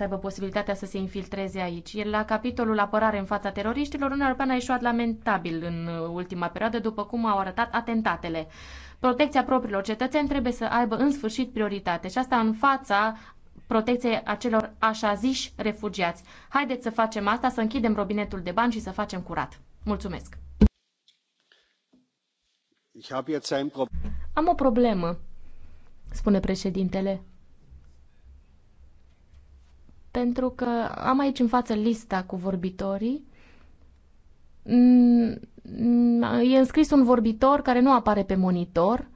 să aibă posibilitatea să se infiltreze aici. Iar la capitolul apărare în fața teroriștilor, Uniunea Europeană a ieșuat lamentabil în ultima perioadă, după cum au arătat atentatele. Protecția propriilor cetățeni trebuie să aibă în sfârșit prioritate și asta în fața protecției acelor așa ziși refugiați. Haideți să facem asta, să închidem robinetul de bani și să facem curat. Mulțumesc! Am o problemă, spune președintele pentru că am aici în față lista cu vorbitorii. Mm, e înscris un vorbitor care nu apare pe monitor,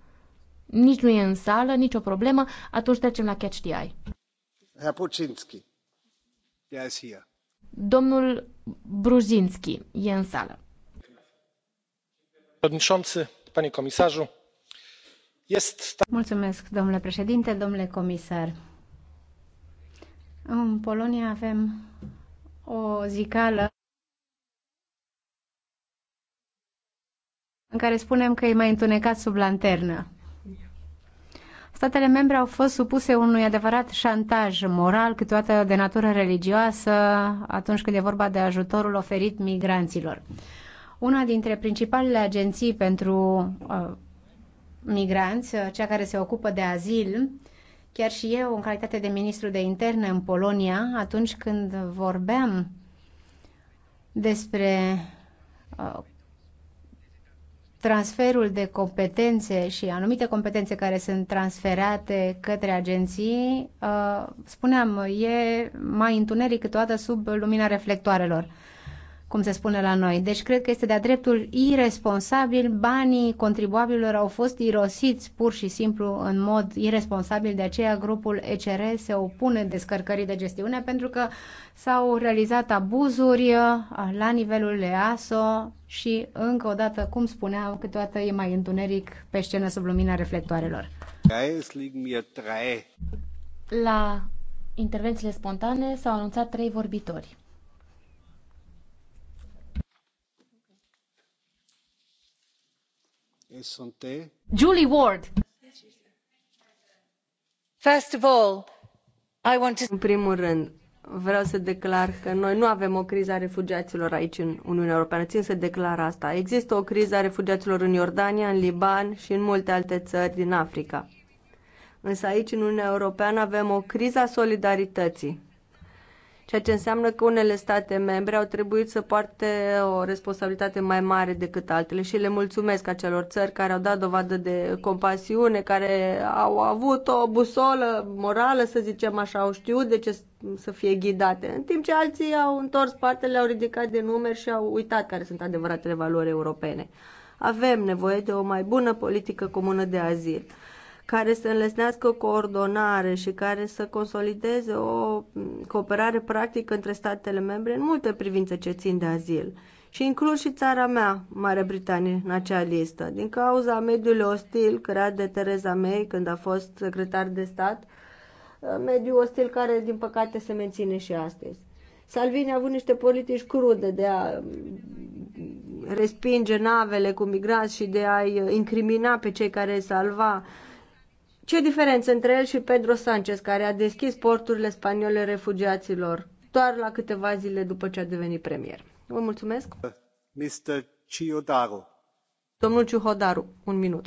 nici nu e în sală, nicio problemă, atunci trecem la Catch the Eye. Herr Pucinski, der Domnul Bruzinski e în sală. Mulțumesc, domnule președinte, domnule comisar în Polonia avem o zicală în care spunem că e mai întunecat sub lanternă. Statele membre au fost supuse unui adevărat șantaj moral, câteodată de natură religioasă, atunci când e vorba de ajutorul oferit migranților. Una dintre principalele agenții pentru uh, migranți, cea care se ocupă de azil, uh, Chiar și eu, în calitate de ministru de interne în Polonia, atunci când vorbeam despre uh, transferul de competențe și anumite competențe care sunt transferate către agenții, uh, spuneam, e mai întuneric câteodată sub lumina reflectoarelor cum se spune la noi. Deci cred că este de-a dreptul irresponsabil. Banii contribuabililor au fost irosiți pur și simplu în mod irresponsabil. De aceea grupul ECR se opune descărcării de gestiune pentru că s-au realizat abuzuri uh, la nivelul EASO și încă o dată, cum spuneam, câteodată e mai întuneric pe scenă sub lumina reflectoarelor. La intervențiile spontane s-au anunțat trei vorbitori. Julie Ward. First of all, I want to... În primul rând, vreau să declar că noi nu avem o criză a refugiaților aici în Uniunea Europeană. Țin să declar asta. Există o criză a refugiaților în Iordania, în Liban și în multe alte țări din Africa. Însă aici, în Uniunea Europeană, avem o criză a solidarității ceea ce înseamnă că unele state membre au trebuit să poarte o responsabilitate mai mare decât altele și le mulțumesc acelor țări care au dat dovadă de compasiune, care au avut o busolă morală, să zicem așa, au știut de ce să fie ghidate, în timp ce alții au întors partele, au ridicat de numeri și au uitat care sunt adevăratele valori europene. Avem nevoie de o mai bună politică comună de azil care să înlesnească coordonare și care să consolideze o cooperare practică între statele membre în multe privințe ce țin de azil. Și includ și țara mea, Marea Britanie, în acea listă. Din cauza mediului ostil creat de Tereza May când a fost secretar de stat, mediul ostil care, din păcate, se menține și astăzi. Salvini a avut niște politici crude de a mm, respinge navele cu migranți și de a-i incrimina pe cei care îi salva, ce diferență între el și Pedro Sanchez, care a deschis porturile spaniole refugiaților doar la câteva zile după ce a devenit premier? Vă mulțumesc. Mr. Ciudaru. Domnul Ciuhodaru, un minut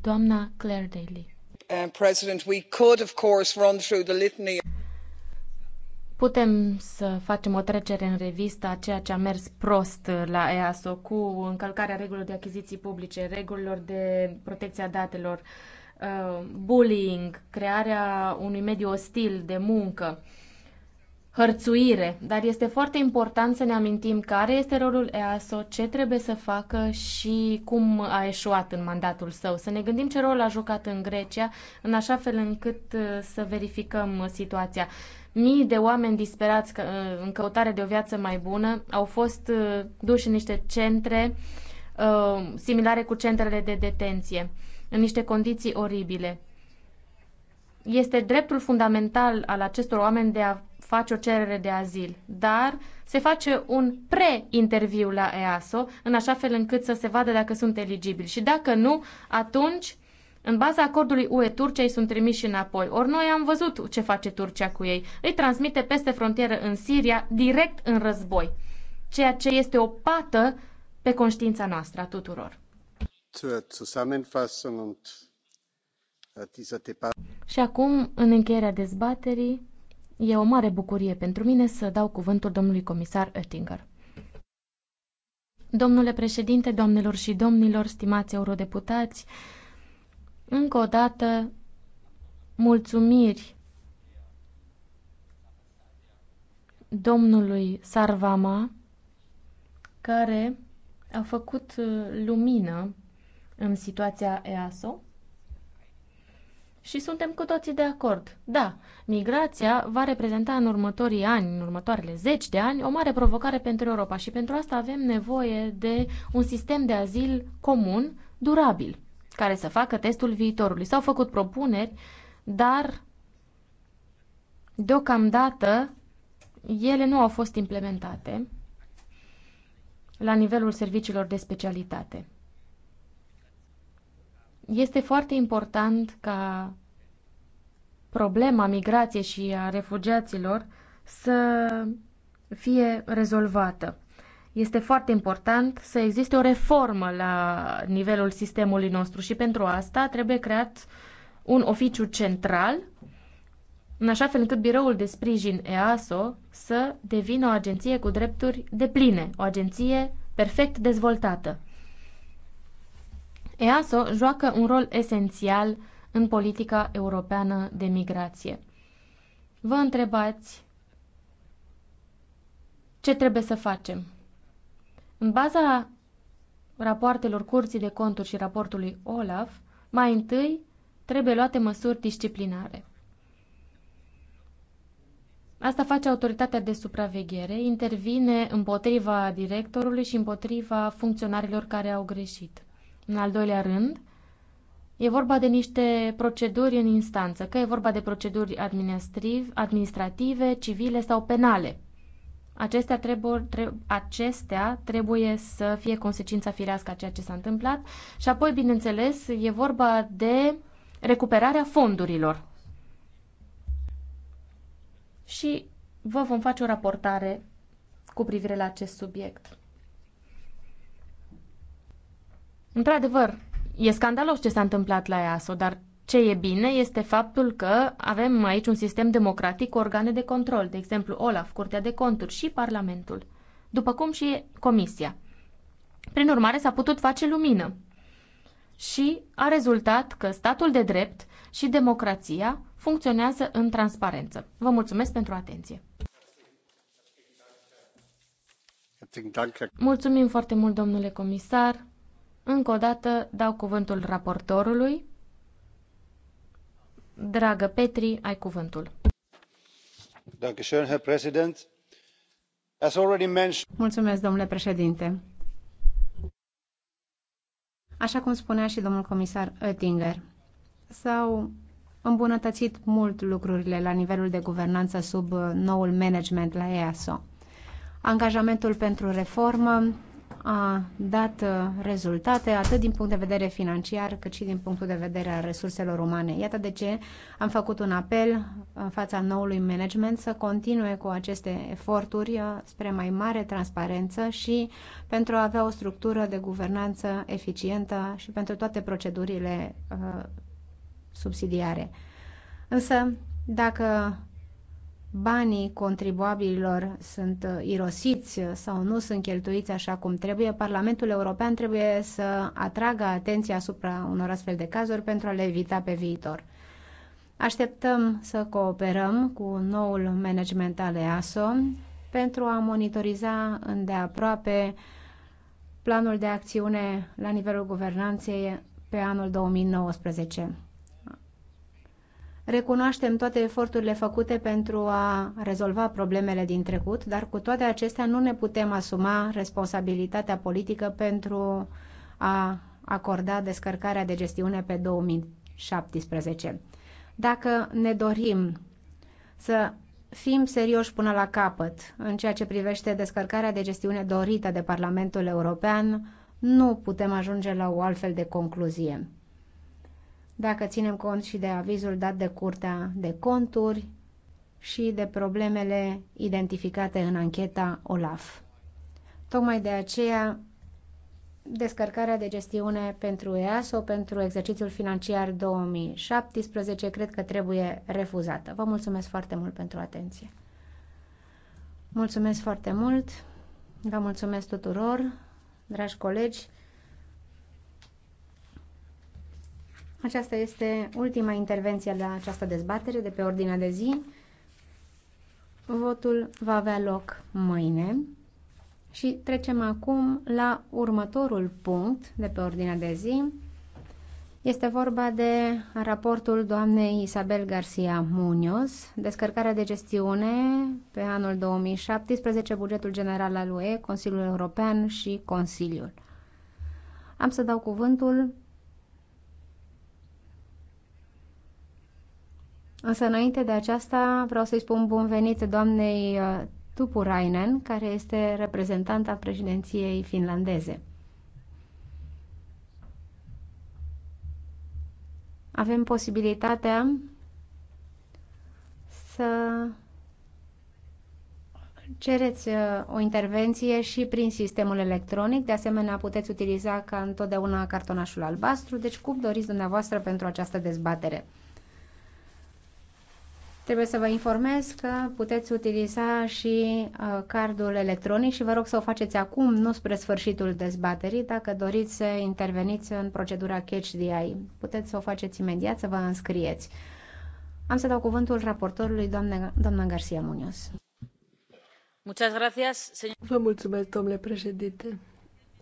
doamnă claire daly putem să facem o trecere în revistă a ceea ce a mers prost la easo cu încălcarea regulilor de achiziții publice regulilor de protecție a datelor uh, bullying crearea unui mediu ostil de muncă hărțuire, dar este foarte important să ne amintim care este rolul EASO, ce trebuie să facă și cum a eșuat în mandatul său. Să ne gândim ce rol a jucat în Grecia, în așa fel încât uh, să verificăm situația. Mii de oameni disperați uh, în căutare de o viață mai bună au fost uh, duși în niște centre similare cu centrele de detenție, în niște condiții oribile este dreptul fundamental al acestor oameni de a face o cerere de azil, dar se face un pre-interviu la EASO, în așa fel încât să se vadă dacă sunt eligibili. Și dacă nu, atunci, în baza acordului UE-Turcia, ei sunt trimiși înapoi. Ori noi am văzut ce face Turcia cu ei. Îi transmite peste frontieră în Siria, direct în război. Ceea ce este o pată pe conștiința noastră a tuturor. Și acum, în încheierea dezbaterii, E o mare bucurie pentru mine să dau cuvântul domnului comisar Oettinger. Domnule președinte, doamnelor și domnilor, stimați eurodeputați, încă o dată mulțumiri domnului Sarvama, care a făcut uh, lumină în situația EASO și suntem cu toții de acord. Da, migrația va reprezenta în următorii ani, în următoarele zeci de ani, o mare provocare pentru Europa și pentru asta avem nevoie de un sistem de azil comun, durabil, care să facă testul viitorului. S-au făcut propuneri, dar deocamdată ele nu au fost implementate la nivelul serviciilor de specialitate. Este foarte important ca problema migrației și a refugiaților să fie rezolvată. Este foarte important să existe o reformă la nivelul sistemului nostru și pentru asta trebuie creat un oficiu central, în așa fel încât biroul de sprijin EASO să devină o agenție cu drepturi depline, o agenție perfect dezvoltată. EASO joacă un rol esențial în politica europeană de migrație. Vă întrebați ce trebuie să facem. În baza rapoartelor Curții de Conturi și raportului OLAF, mai întâi trebuie luate măsuri disciplinare. Asta face autoritatea de supraveghere, intervine împotriva directorului și împotriva funcționarilor care au greșit. În al doilea rând, e vorba de niște proceduri în instanță, că e vorba de proceduri administrative, civile sau penale. Acestea trebuie, trebuie, acestea trebuie să fie consecința firească a ceea ce s-a întâmplat și apoi, bineînțeles, e vorba de recuperarea fondurilor. Și vă vom face o raportare cu privire la acest subiect. Într-adevăr, e scandalos ce s-a întâmplat la EASO, dar ce e bine este faptul că avem aici un sistem democratic cu organe de control, de exemplu OLAF, Curtea de Conturi și Parlamentul, după cum și Comisia. Prin urmare, s-a putut face lumină și a rezultat că statul de drept și democrația funcționează în transparență. Vă mulțumesc pentru atenție. Mulțumim foarte mult, domnule comisar. Încă o dată dau cuvântul raportorului. Dragă Petri, ai cuvântul. Mulțumesc, domnule președinte. Așa cum spunea și domnul comisar Oettinger, s-au îmbunătățit mult lucrurile la nivelul de guvernanță sub noul management la EASO. Angajamentul pentru reformă a dat uh, rezultate atât din punct de vedere financiar cât și din punctul de vedere al resurselor umane. Iată de ce am făcut un apel în fața noului management să continue cu aceste eforturi uh, spre mai mare transparență și pentru a avea o structură de guvernanță eficientă și pentru toate procedurile uh, subsidiare. Însă, dacă banii contribuabililor sunt uh, irosiți sau nu sunt cheltuiți așa cum trebuie, Parlamentul European trebuie să atragă atenția asupra unor astfel de cazuri pentru a le evita pe viitor. Așteptăm să cooperăm cu noul management al EASO pentru a monitoriza îndeaproape planul de acțiune la nivelul guvernanței pe anul 2019. Recunoaștem toate eforturile făcute pentru a rezolva problemele din trecut, dar cu toate acestea nu ne putem asuma responsabilitatea politică pentru a acorda descărcarea de gestiune pe 2017. Dacă ne dorim să fim serioși până la capăt în ceea ce privește descărcarea de gestiune dorită de Parlamentul European, nu putem ajunge la o altfel de concluzie dacă ținem cont și de avizul dat de Curtea de Conturi și de problemele identificate în ancheta OLAF. Tocmai de aceea, descărcarea de gestiune pentru EASO pentru exercițiul financiar 2017 cred că trebuie refuzată. Vă mulțumesc foarte mult pentru atenție. Mulțumesc foarte mult, vă mulțumesc tuturor, dragi colegi. Aceasta este ultima intervenție la această dezbatere de pe ordinea de zi. Votul va avea loc mâine și trecem acum la următorul punct de pe ordinea de zi. Este vorba de raportul doamnei Isabel Garcia Munoz, descărcarea de gestiune pe anul 2017, bugetul general al UE, Consiliul European și Consiliul. Am să dau cuvântul Însă înainte de aceasta vreau să-i spun bun venit doamnei uh, Tupurainen, care este reprezentanta președinției finlandeze. Avem posibilitatea să cereți uh, o intervenție și prin sistemul electronic. De asemenea, puteți utiliza ca întotdeauna cartonașul albastru, deci cum doriți dumneavoastră pentru această dezbatere. Trebuie să vă informez că puteți utiliza și uh, cardul electronic și vă rog să o faceți acum, nu spre sfârșitul dezbaterii, dacă doriți să interveniți în procedura Catch the Eye. Puteți să o faceți imediat, să vă înscrieți. Am să dau cuvântul raportorului, doamne, doamna Garcia Munoz. Vă mulțumesc, domnule președinte.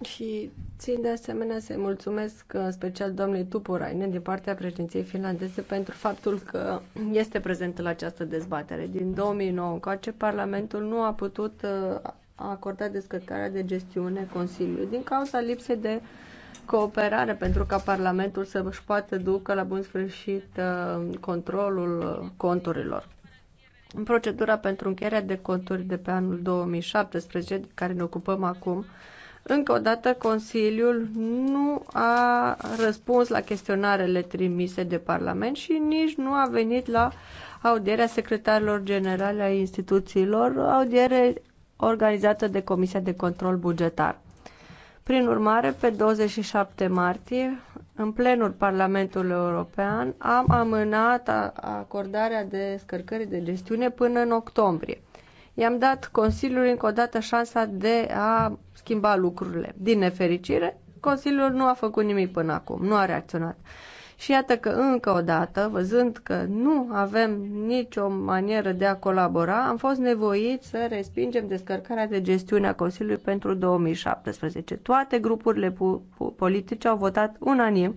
Și țin de asemenea să-i mulțumesc special doamnei Tupurainen din partea președinției finlandeze pentru faptul că este prezentă la această dezbatere. Din 2009 încoace, Parlamentul nu a putut uh, acorda descărcarea de gestiune Consiliului din cauza lipsei de cooperare pentru ca Parlamentul să își poată ducă la bun sfârșit uh, controlul uh, conturilor. În procedura pentru încheierea de conturi de pe anul 2017, care ne ocupăm acum, încă o dată, Consiliul nu a răspuns la chestionarele trimise de Parlament și nici nu a venit la audierea secretarilor generale a instituțiilor, audiere organizată de Comisia de Control Bugetar. Prin urmare, pe 27 martie, în plenul Parlamentului European, am amânat acordarea de scărcări de gestiune până în octombrie. I-am dat Consiliului încă o dată șansa de a schimba lucrurile. Din nefericire, Consiliul nu a făcut nimic până acum, nu a reacționat. Și iată că încă o dată, văzând că nu avem nicio manieră de a colabora, am fost nevoiți să respingem descărcarea de gestiune a Consiliului pentru 2017. Toate grupurile politice au votat unanim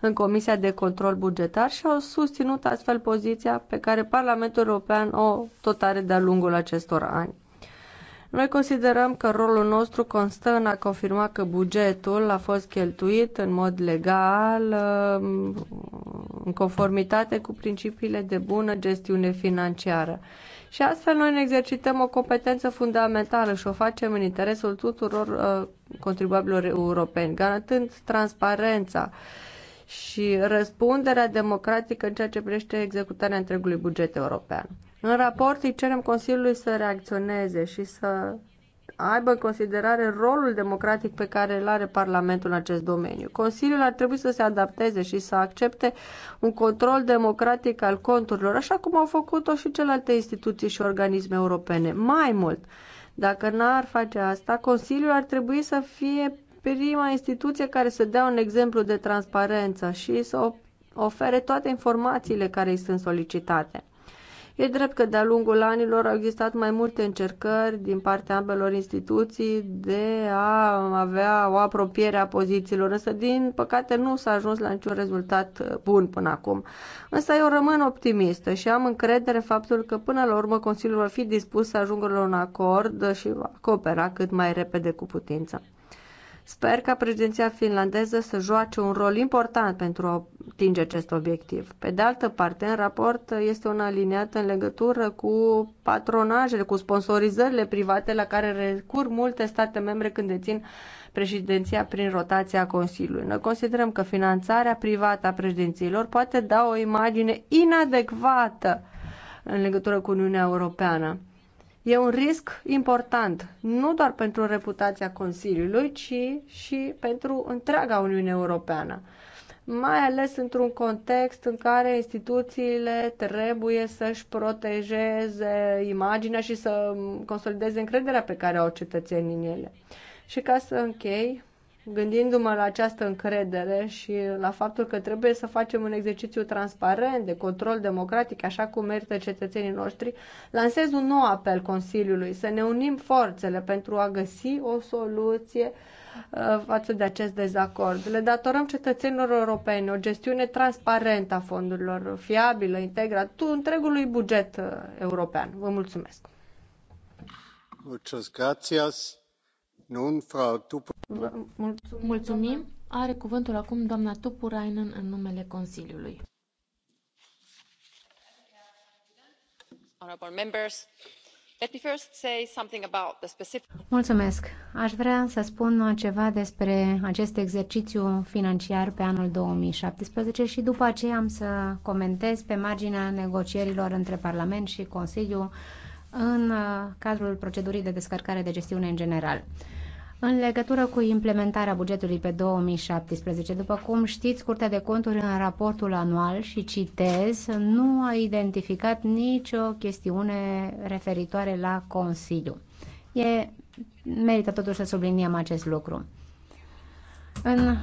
în Comisia de Control Bugetar și au susținut astfel poziția pe care Parlamentul European o tot are de-a lungul acestor ani. Noi considerăm că rolul nostru constă în a confirma că bugetul a fost cheltuit în mod legal, um, în conformitate cu principiile de bună gestiune financiară. Și astfel noi ne exercităm o competență fundamentală și o facem în interesul tuturor uh, contribuabilor europeni, garantând transparența și răspunderea democratică în ceea ce privește executarea întregului buget european. În raport îi cerem Consiliului să reacționeze și să aibă în considerare rolul democratic pe care îl are Parlamentul în acest domeniu. Consiliul ar trebui să se adapteze și să accepte un control democratic al conturilor, așa cum au făcut-o și celelalte instituții și organisme europene. Mai mult, dacă n-ar face asta, Consiliul ar trebui să fie prima instituție care să dea un exemplu de transparență și să ofere toate informațiile care îi sunt solicitate. E drept că de-a lungul anilor au existat mai multe încercări din partea ambelor instituții de a avea o apropiere a pozițiilor, însă din păcate nu s-a ajuns la niciun rezultat uh, bun până acum. Însă eu rămân optimistă și am încredere faptul că până la urmă Consiliul va fi dispus să ajungă la un acord și va coopera cât mai repede cu putință. Sper ca președinția finlandeză să joace un rol important pentru a atinge acest obiectiv. Pe de altă parte, în raport este un aliniat în legătură cu patronajele, cu sponsorizările private la care recur multe state membre când dețin președinția prin rotația Consiliului. Noi considerăm că finanțarea privată a președinților poate da o imagine inadecvată în legătură cu Uniunea Europeană. E un risc important, nu doar pentru reputația Consiliului, ci și pentru întreaga Uniune Europeană mai ales într-un context în care instituțiile trebuie să-și protejeze imaginea și să consolideze încrederea pe care o au cetățenii în ele. Și ca să închei, gândindu-mă la această încredere și la faptul că trebuie să facem un exercițiu transparent de control democratic, așa cum merită cetățenii noștri, lansez un nou apel Consiliului să ne unim forțele pentru a găsi o soluție uh, față de acest dezacord. Le datorăm cetățenilor europeni o gestiune transparentă a fondurilor, fiabilă, integrată, întregului buget uh, european. Vă mulțumesc! Muchas gracias. Mulțumim. Are cuvântul acum doamna Tupurainen în numele Consiliului. Mulțumesc. Aș vrea să spun ceva despre acest exercițiu financiar pe anul 2017 și după aceea am să comentez pe marginea negocierilor între Parlament și Consiliu în uh, cadrul procedurii de descărcare de gestiune în general. În legătură cu implementarea bugetului pe 2017, după cum știți, Curtea de Conturi în raportul anual și citez, nu a identificat nicio chestiune referitoare la Consiliu. E, merită totuși să subliniem acest lucru. În uh,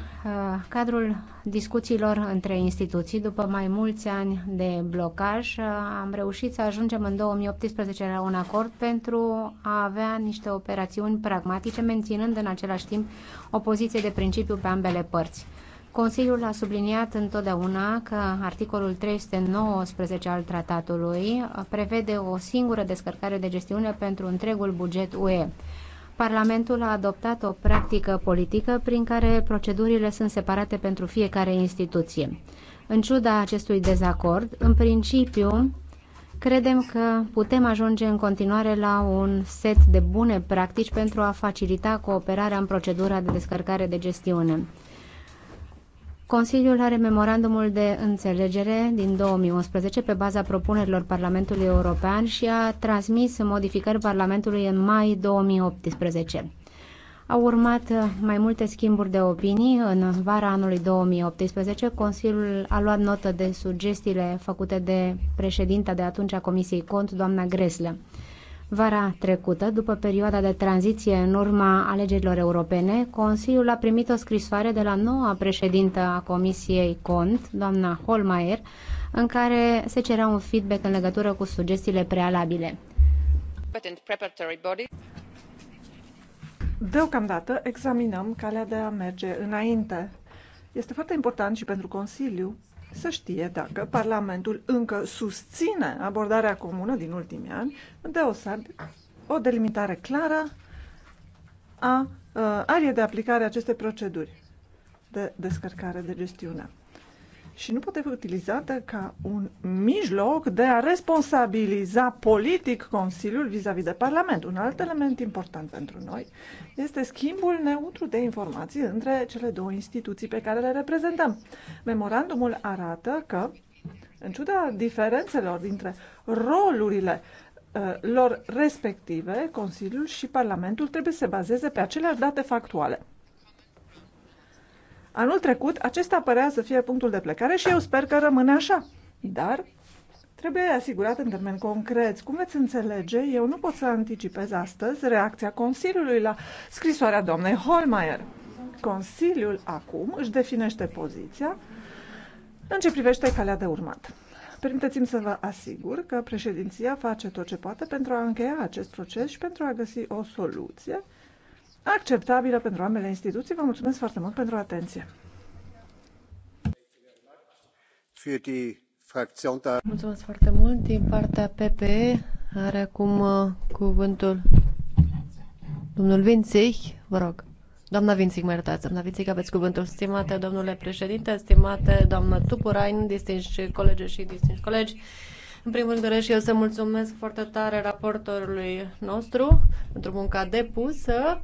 cadrul discuțiilor între instituții, după mai mulți ani de blocaj, uh, am reușit să ajungem în 2018 la un acord pentru a avea niște operațiuni pragmatice, menținând în același timp o poziție de principiu pe ambele părți. Consiliul a subliniat întotdeauna că articolul 319 al tratatului uh, prevede o singură descărcare de gestiune pentru întregul buget UE. Parlamentul a adoptat o practică politică prin care procedurile sunt separate pentru fiecare instituție. În ciuda acestui dezacord, în principiu, credem că putem ajunge în continuare la un set de bune practici pentru a facilita cooperarea în procedura de descărcare de gestiune. Consiliul are memorandumul de înțelegere din 2011 pe baza propunerilor Parlamentului European și a transmis modificări Parlamentului în mai 2018. Au urmat mai multe schimburi de opinii. În vara anului 2018, Consiliul a luat notă de sugestiile făcute de președinta de atunci a Comisiei Cont, doamna Greslă. Vara trecută, după perioada de tranziție în urma alegerilor europene, Consiliul a primit o scrisoare de la noua președintă a Comisiei Cont, doamna Holmeier, în care se cerea un feedback în legătură cu sugestiile prealabile. Deocamdată examinăm calea de a merge înainte. Este foarte important și pentru Consiliu să știe dacă Parlamentul încă susține abordarea comună din ultimii ani de o, o delimitare clară a uh, ariei de aplicare a acestei proceduri de descărcare de gestiune și nu poate fi utilizată ca un mijloc de a responsabiliza politic Consiliul vis-a-vis -vis de Parlament. Un alt element important pentru noi este schimbul neutru de informații între cele două instituții pe care le reprezentăm. Memorandumul arată că, în ciuda diferențelor dintre rolurile uh, lor respective, Consiliul și Parlamentul trebuie să se bazeze pe aceleași date factuale. Anul trecut, acesta părea să fie punctul de plecare și eu sper că rămâne așa. Dar trebuie asigurat în termeni concreți. Cum veți înțelege, eu nu pot să anticipez astăzi reacția Consiliului la scrisoarea doamnei Holmeier. Consiliul acum își definește poziția în ce privește calea de urmat. Permiteți-mi să vă asigur că președinția face tot ce poate pentru a încheia acest proces și pentru a găsi o soluție acceptabilă pentru ambele instituții. Vă mulțumesc foarte mult pentru atenție. Da- mulțumesc foarte mult. Din partea PPE are acum uh, cuvântul domnul Vințich. Vă rog. Doamna Vințic, mă iertați, doamna Vințic, aveți cuvântul. Stimate domnule președinte, stimate doamnă Tupurain, distinși colegi și distinși colegi, în primul rând doresc și eu să mulțumesc foarte tare raportorului nostru pentru munca depusă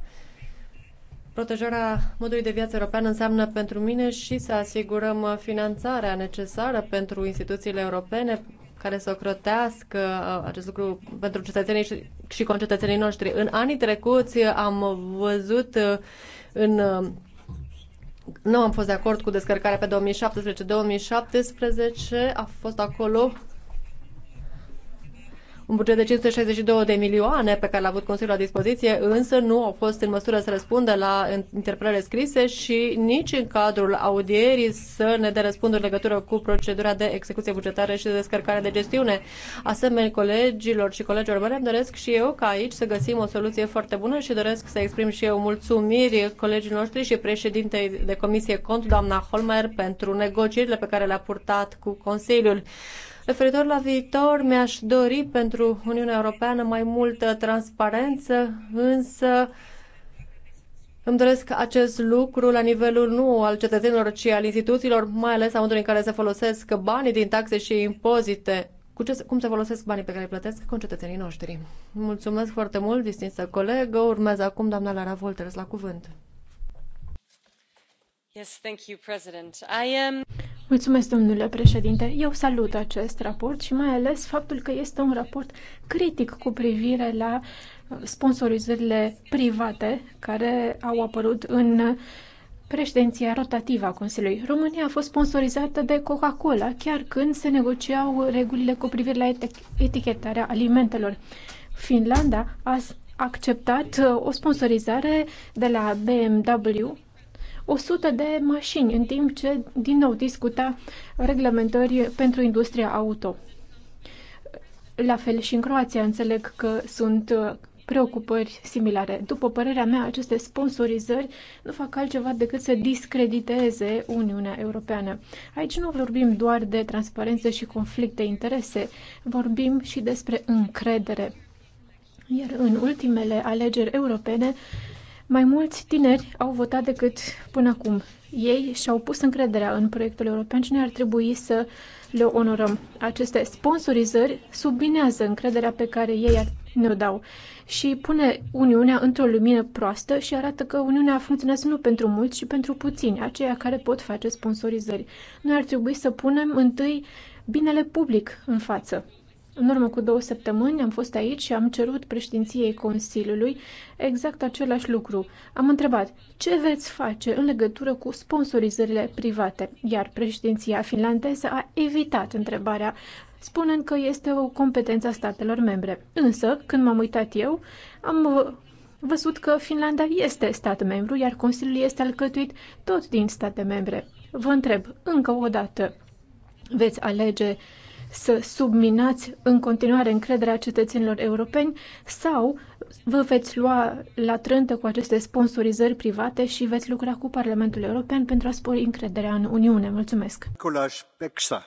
Protejarea modului de viață european înseamnă pentru mine și să asigurăm finanțarea necesară pentru instituțiile europene care să ocrotească uh, acest lucru pentru cetățenii și, și concetățenii noștri. În anii trecuți am văzut uh, în uh, nu am fost de acord cu descărcarea pe 2017. 2017 a fost acolo un buget de 562 de milioane pe care l-a avut Consiliul la dispoziție, însă nu au fost în măsură să răspundă la interpelările scrise și nici în cadrul audierii să ne dea răspunduri legătură cu procedura de execuție bugetară și de descărcare de gestiune. Asemenea, colegilor și colegilor mele îmi doresc și eu ca aici să găsim o soluție foarte bună și doresc să exprim și eu mulțumiri colegilor noștri și președintei de Comisie Cont, doamna Holmer, pentru negocierile pe care le-a purtat cu Consiliul. Referitor la viitor, mi-aș dori pentru Uniunea Europeană mai multă transparență, însă îmi doresc acest lucru la nivelul nu al cetățenilor, ci al instituțiilor, mai ales a modului în care se folosesc banii din taxe și impozite. Cu ce, cum se folosesc banii pe care îi plătesc cetățenii noștri? Mulțumesc foarte mult, distinsă colegă. Urmează acum doamna Lara Volters la cuvânt. Yes, thank you, President. I am... Mulțumesc, domnule președinte. Eu salut acest raport și mai ales faptul că este un raport critic cu privire la uh, sponsorizările private care au apărut în președinția rotativă a Consiliului. România a fost sponsorizată de Coca-Cola chiar când se negociau regulile cu privire la etichetarea alimentelor. Finlanda a acceptat uh, o sponsorizare de la BMW 100 de mașini, în timp ce, din nou, discuta reglementări pentru industria auto. La fel și în Croația înțeleg că sunt uh, preocupări similare. După părerea mea, aceste sponsorizări nu fac altceva decât să discrediteze Uniunea Europeană. Aici nu vorbim doar de transparență și conflict de interese, vorbim și despre încredere. Iar în ultimele alegeri europene, mai mulți tineri au votat decât până acum. Ei și-au pus încrederea în proiectul european și noi ar trebui să le onorăm. Aceste sponsorizări subminează încrederea pe care ei ne-o dau și pune Uniunea într-o lumină proastă și arată că Uniunea funcționează nu pentru mulți, ci pentru puțini, aceia care pot face sponsorizări. Noi ar trebui să punem întâi binele public în față. În urmă cu două săptămâni am fost aici și am cerut președinției Consiliului exact același lucru. Am întrebat ce veți face în legătură cu sponsorizările private, iar președinția finlandeză a evitat întrebarea, spunând că este o competență a statelor membre. Însă, când m-am uitat eu, am văzut că Finlanda este stat membru, iar Consiliul este alcătuit tot din state membre. Vă întreb încă o dată, veți alege să subminați în continuare încrederea cetățenilor europeni sau vă veți lua la trântă cu aceste sponsorizări private și veți lucra cu Parlamentul European pentru a spori încrederea în Uniune. Mulțumesc! Nicolaș Pecșa.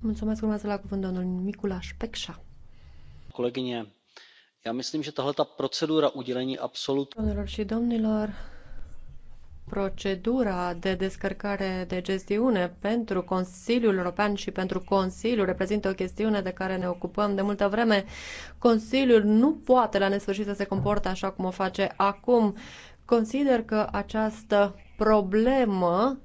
Mulțumesc, că la cuvânt domnul Nicolaș Pecșa. Colegine, já myslím, že tahle ta procedura udělení absolut... domnilor, procedura de descărcare de gestiune pentru Consiliul European și pentru Consiliu reprezintă o chestiune de care ne ocupăm de multă vreme. Consiliul nu poate la nesfârșit să se comporte așa cum o face acum. Consider că această problemă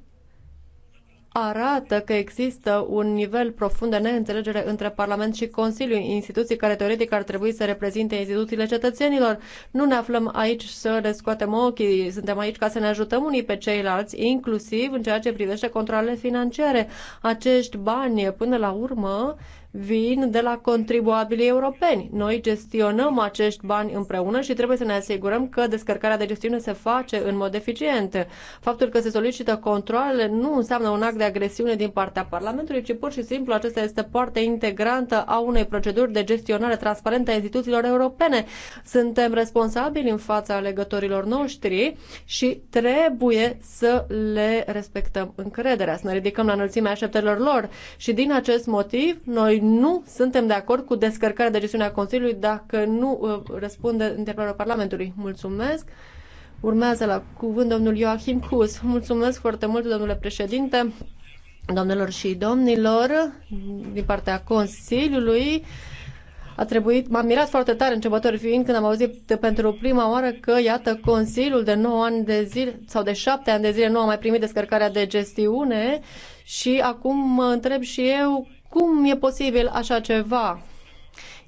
arată că există un nivel profund de neînțelegere între Parlament și Consiliu, instituții care teoretic ar trebui să reprezinte instituțiile cetățenilor. Nu ne aflăm aici să le scoatem ochii, suntem aici ca să ne ajutăm unii pe ceilalți, inclusiv în ceea ce privește controlele financiare. Acești bani, până la urmă, vin de la contribuabilii europeni. Noi gestionăm acești bani împreună și trebuie să ne asigurăm că descărcarea de gestiune se face în mod eficient. Faptul că se solicită controle nu înseamnă un act de agresiune din partea Parlamentului, ci pur și simplu acesta este parte integrantă a unei proceduri de gestionare transparentă a instituțiilor europene. Suntem responsabili în fața alegătorilor noștri și trebuie să le respectăm încrederea, să ne ridicăm la înălțimea așteptărilor lor și din acest motiv noi nu suntem de acord cu descărcarea de gestiune a Consiliului dacă nu uh, răspunde întrebarea Parlamentului. Mulțumesc! Urmează la cuvânt domnul Joachim Cus. Mulțumesc foarte mult, domnule președinte, domnilor și domnilor, din partea Consiliului a trebuit, m-am mirat foarte tare începător fiind când am auzit de, pentru prima oară că, iată, Consiliul de 9 ani de zile sau de 7 ani de zile nu a mai primit descărcarea de gestiune și acum mă întreb și eu cum e posibil așa ceva?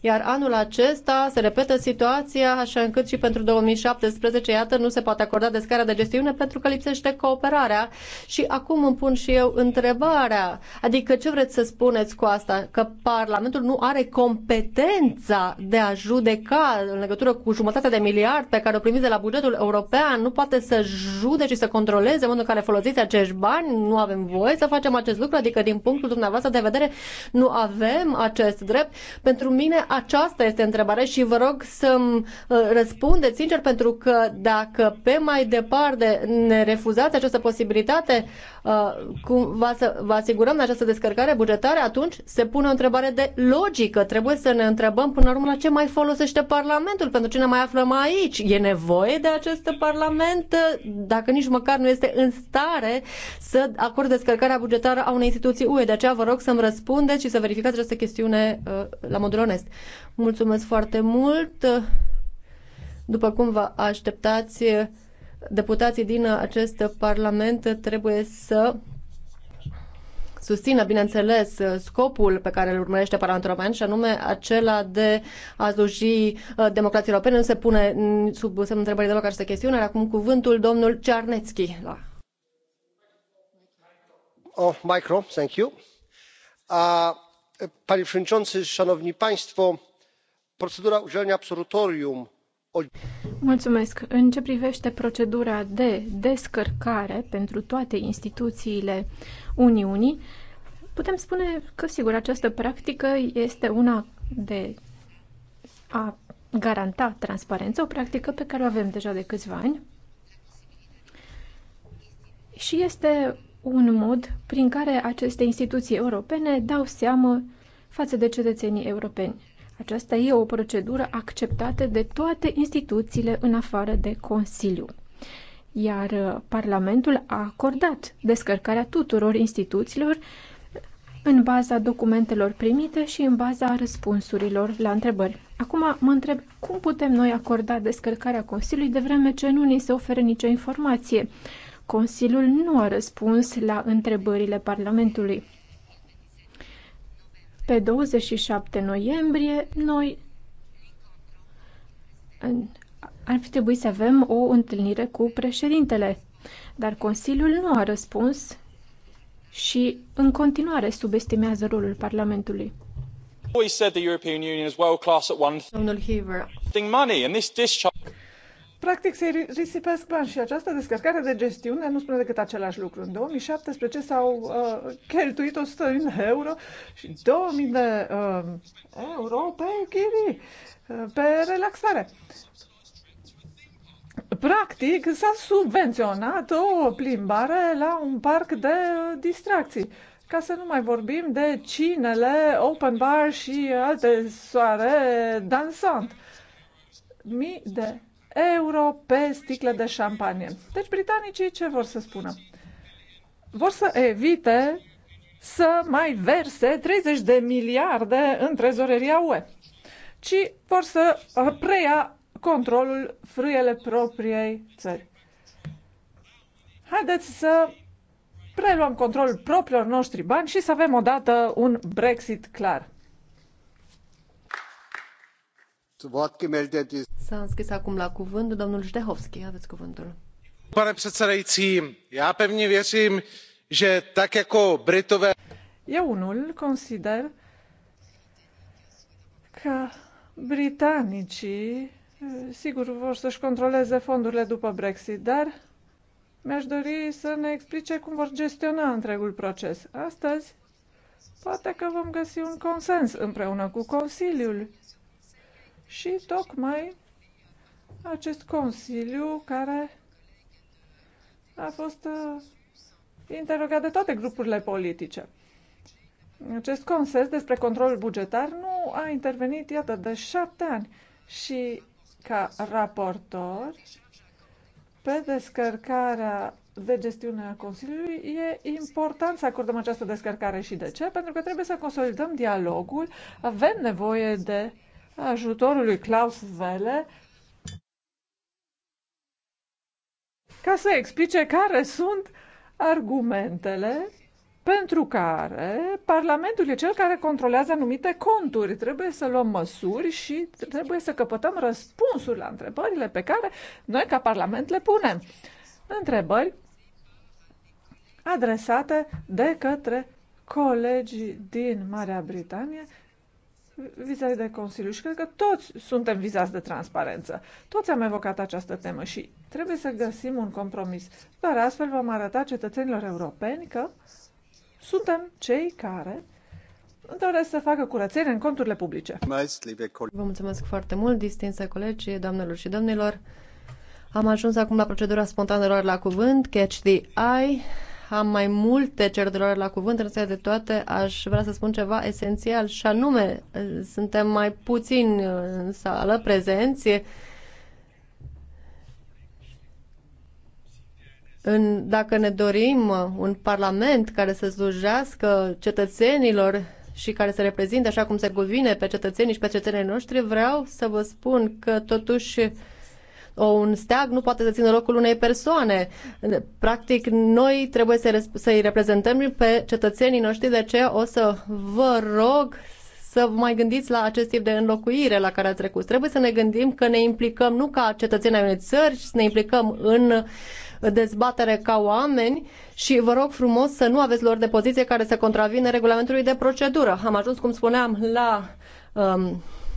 Iar anul acesta se repetă situația așa încât și pentru 2017, iată, nu se poate acorda descarea de gestiune pentru că lipsește cooperarea. Și acum îmi pun și eu întrebarea, adică ce vreți să spuneți cu asta? Că Parlamentul nu are competența de a judeca în legătură cu jumătatea de miliard pe care o primiți de la bugetul european, nu poate să judece și să controleze modul în care folosiți acești bani, nu avem voie să facem acest lucru, adică din punctul dumneavoastră de vedere nu avem acest drept. Pentru mine aceasta este întrebarea și vă rog să uh, răspundeți sincer pentru că dacă pe mai departe ne refuzați această posibilitate, Uh, cum vă asigurăm de această descărcare bugetară, atunci se pune o întrebare de logică. Trebuie să ne întrebăm până la urmă la ce mai folosește Parlamentul, pentru ce ne mai aflăm aici. E nevoie de acest Parlament dacă nici măcar nu este în stare să acorde descărcarea bugetară a unei instituții UE. De aceea vă rog să-mi răspundeți și să verificați această chestiune uh, la modul onest. Mulțumesc foarte mult! După cum vă așteptați, deputații din acest Parlament trebuie să susțină, bineînțeles, scopul pe care îl urmărește Parlamentul European și anume acela de a sluji uh, democrației europene. Nu se pune sub semnul întrebării deloc această chestiune. Acum cuvântul domnul Cearnețchi. La... O, oh, micro, thank you. Uh, panie przewodniczący, szanowni państwo, procedura udzielania absolutorium Mulțumesc. În ce privește procedura de descărcare pentru toate instituțiile Uniunii, putem spune că, sigur, această practică este una de a garanta transparență, o practică pe care o avem deja de câțiva ani și este un mod prin care aceste instituții europene dau seamă față de cetățenii europeni. Aceasta e o procedură acceptată de toate instituțiile în afară de Consiliu. Iar uh, Parlamentul a acordat descărcarea tuturor instituțiilor în baza documentelor primite și în baza răspunsurilor la întrebări. Acum mă întreb cum putem noi acorda descărcarea Consiliului de vreme ce nu ni se oferă nicio informație. Consiliul nu a răspuns la întrebările Parlamentului. Pe 27 noiembrie, noi ar fi trebuit să avem o întâlnire cu președintele, dar Consiliul nu a răspuns și în continuare subestimează rolul Parlamentului. Practic se risipesc bani și această descărcare de gestiune nu spune decât același lucru. În 2017 s-au uh, cheltuit 100 de euro și 2.000 de uh, euro pe chirii, uh, pe relaxare. Practic s-a subvenționat o plimbare la un parc de uh, distracții. Ca să nu mai vorbim de cinele, open bar și alte soare dansant. Mii de euro pe sticle de șampanie. Deci britanicii ce vor să spună? Vor să evite să mai verse 30 de miliarde în trezoreria UE, ci vor să uh, preia controlul frâiele propriei țări. Haideți să preluăm controlul propriilor noștri bani și să avem odată un Brexit clar. s acum la cuvânt domnul Jdehovski. Aveți cuvântul. Pane předsedající, já pevně věřím, že tak jako Britové... Eu unul consider că britanicii sigur vor să-și controleze fondurile după Brexit, dar mi-aș dori să ne explice cum vor gestiona întregul proces. Astăzi, poate că vom găsi un consens împreună cu Consiliul și tocmai acest Consiliu care a fost uh, interogat de toate grupurile politice. Acest consens despre controlul bugetar nu a intervenit, iată, de șapte ani și ca raportor pe descărcarea de gestiune a Consiliului, e important să acordăm această descărcare și de ce? Pentru că trebuie să consolidăm dialogul, avem nevoie de uh, ajutorul lui Klaus Welle ca să explice care sunt argumentele pentru care Parlamentul e cel care controlează anumite conturi. Trebuie să luăm măsuri și trebuie să căpătăm răspunsuri la întrebările pe care noi ca Parlament le punem. Întrebări adresate de către colegii din Marea Britanie vizați de Consiliu și cred că toți suntem vizați de transparență. Toți am evocat această temă și trebuie să găsim un compromis. Doar astfel vom arăta cetățenilor europeni că suntem cei care doresc să facă curățenie în conturile publice. Vă mulțumesc foarte mult, distinse colegi, doamnelor și domnilor. Am ajuns acum la procedura spontanelor la cuvânt, catch the eye am mai multe cerdelor la cuvânt, în de toate aș vrea să spun ceva esențial și anume, suntem mai puțini în sală prezenți, în, dacă ne dorim un parlament care să slujească cetățenilor și care să reprezinte așa cum se cuvine pe cetățenii și pe cetățenii noștri, vreau să vă spun că totuși o un steag nu poate să țină locul unei persoane. Practic, noi trebuie să, să-i reprezentăm pe cetățenii noștri, de ce o să vă rog să vă mai gândiți la acest tip de înlocuire la care a trecut. Trebuie să ne gândim că ne implicăm nu ca cetățeni ai unei țări, ci să ne implicăm în dezbatere ca oameni și vă rog frumos să nu aveți lor de poziție care să contravine regulamentului de procedură. Am ajuns, cum spuneam, la um,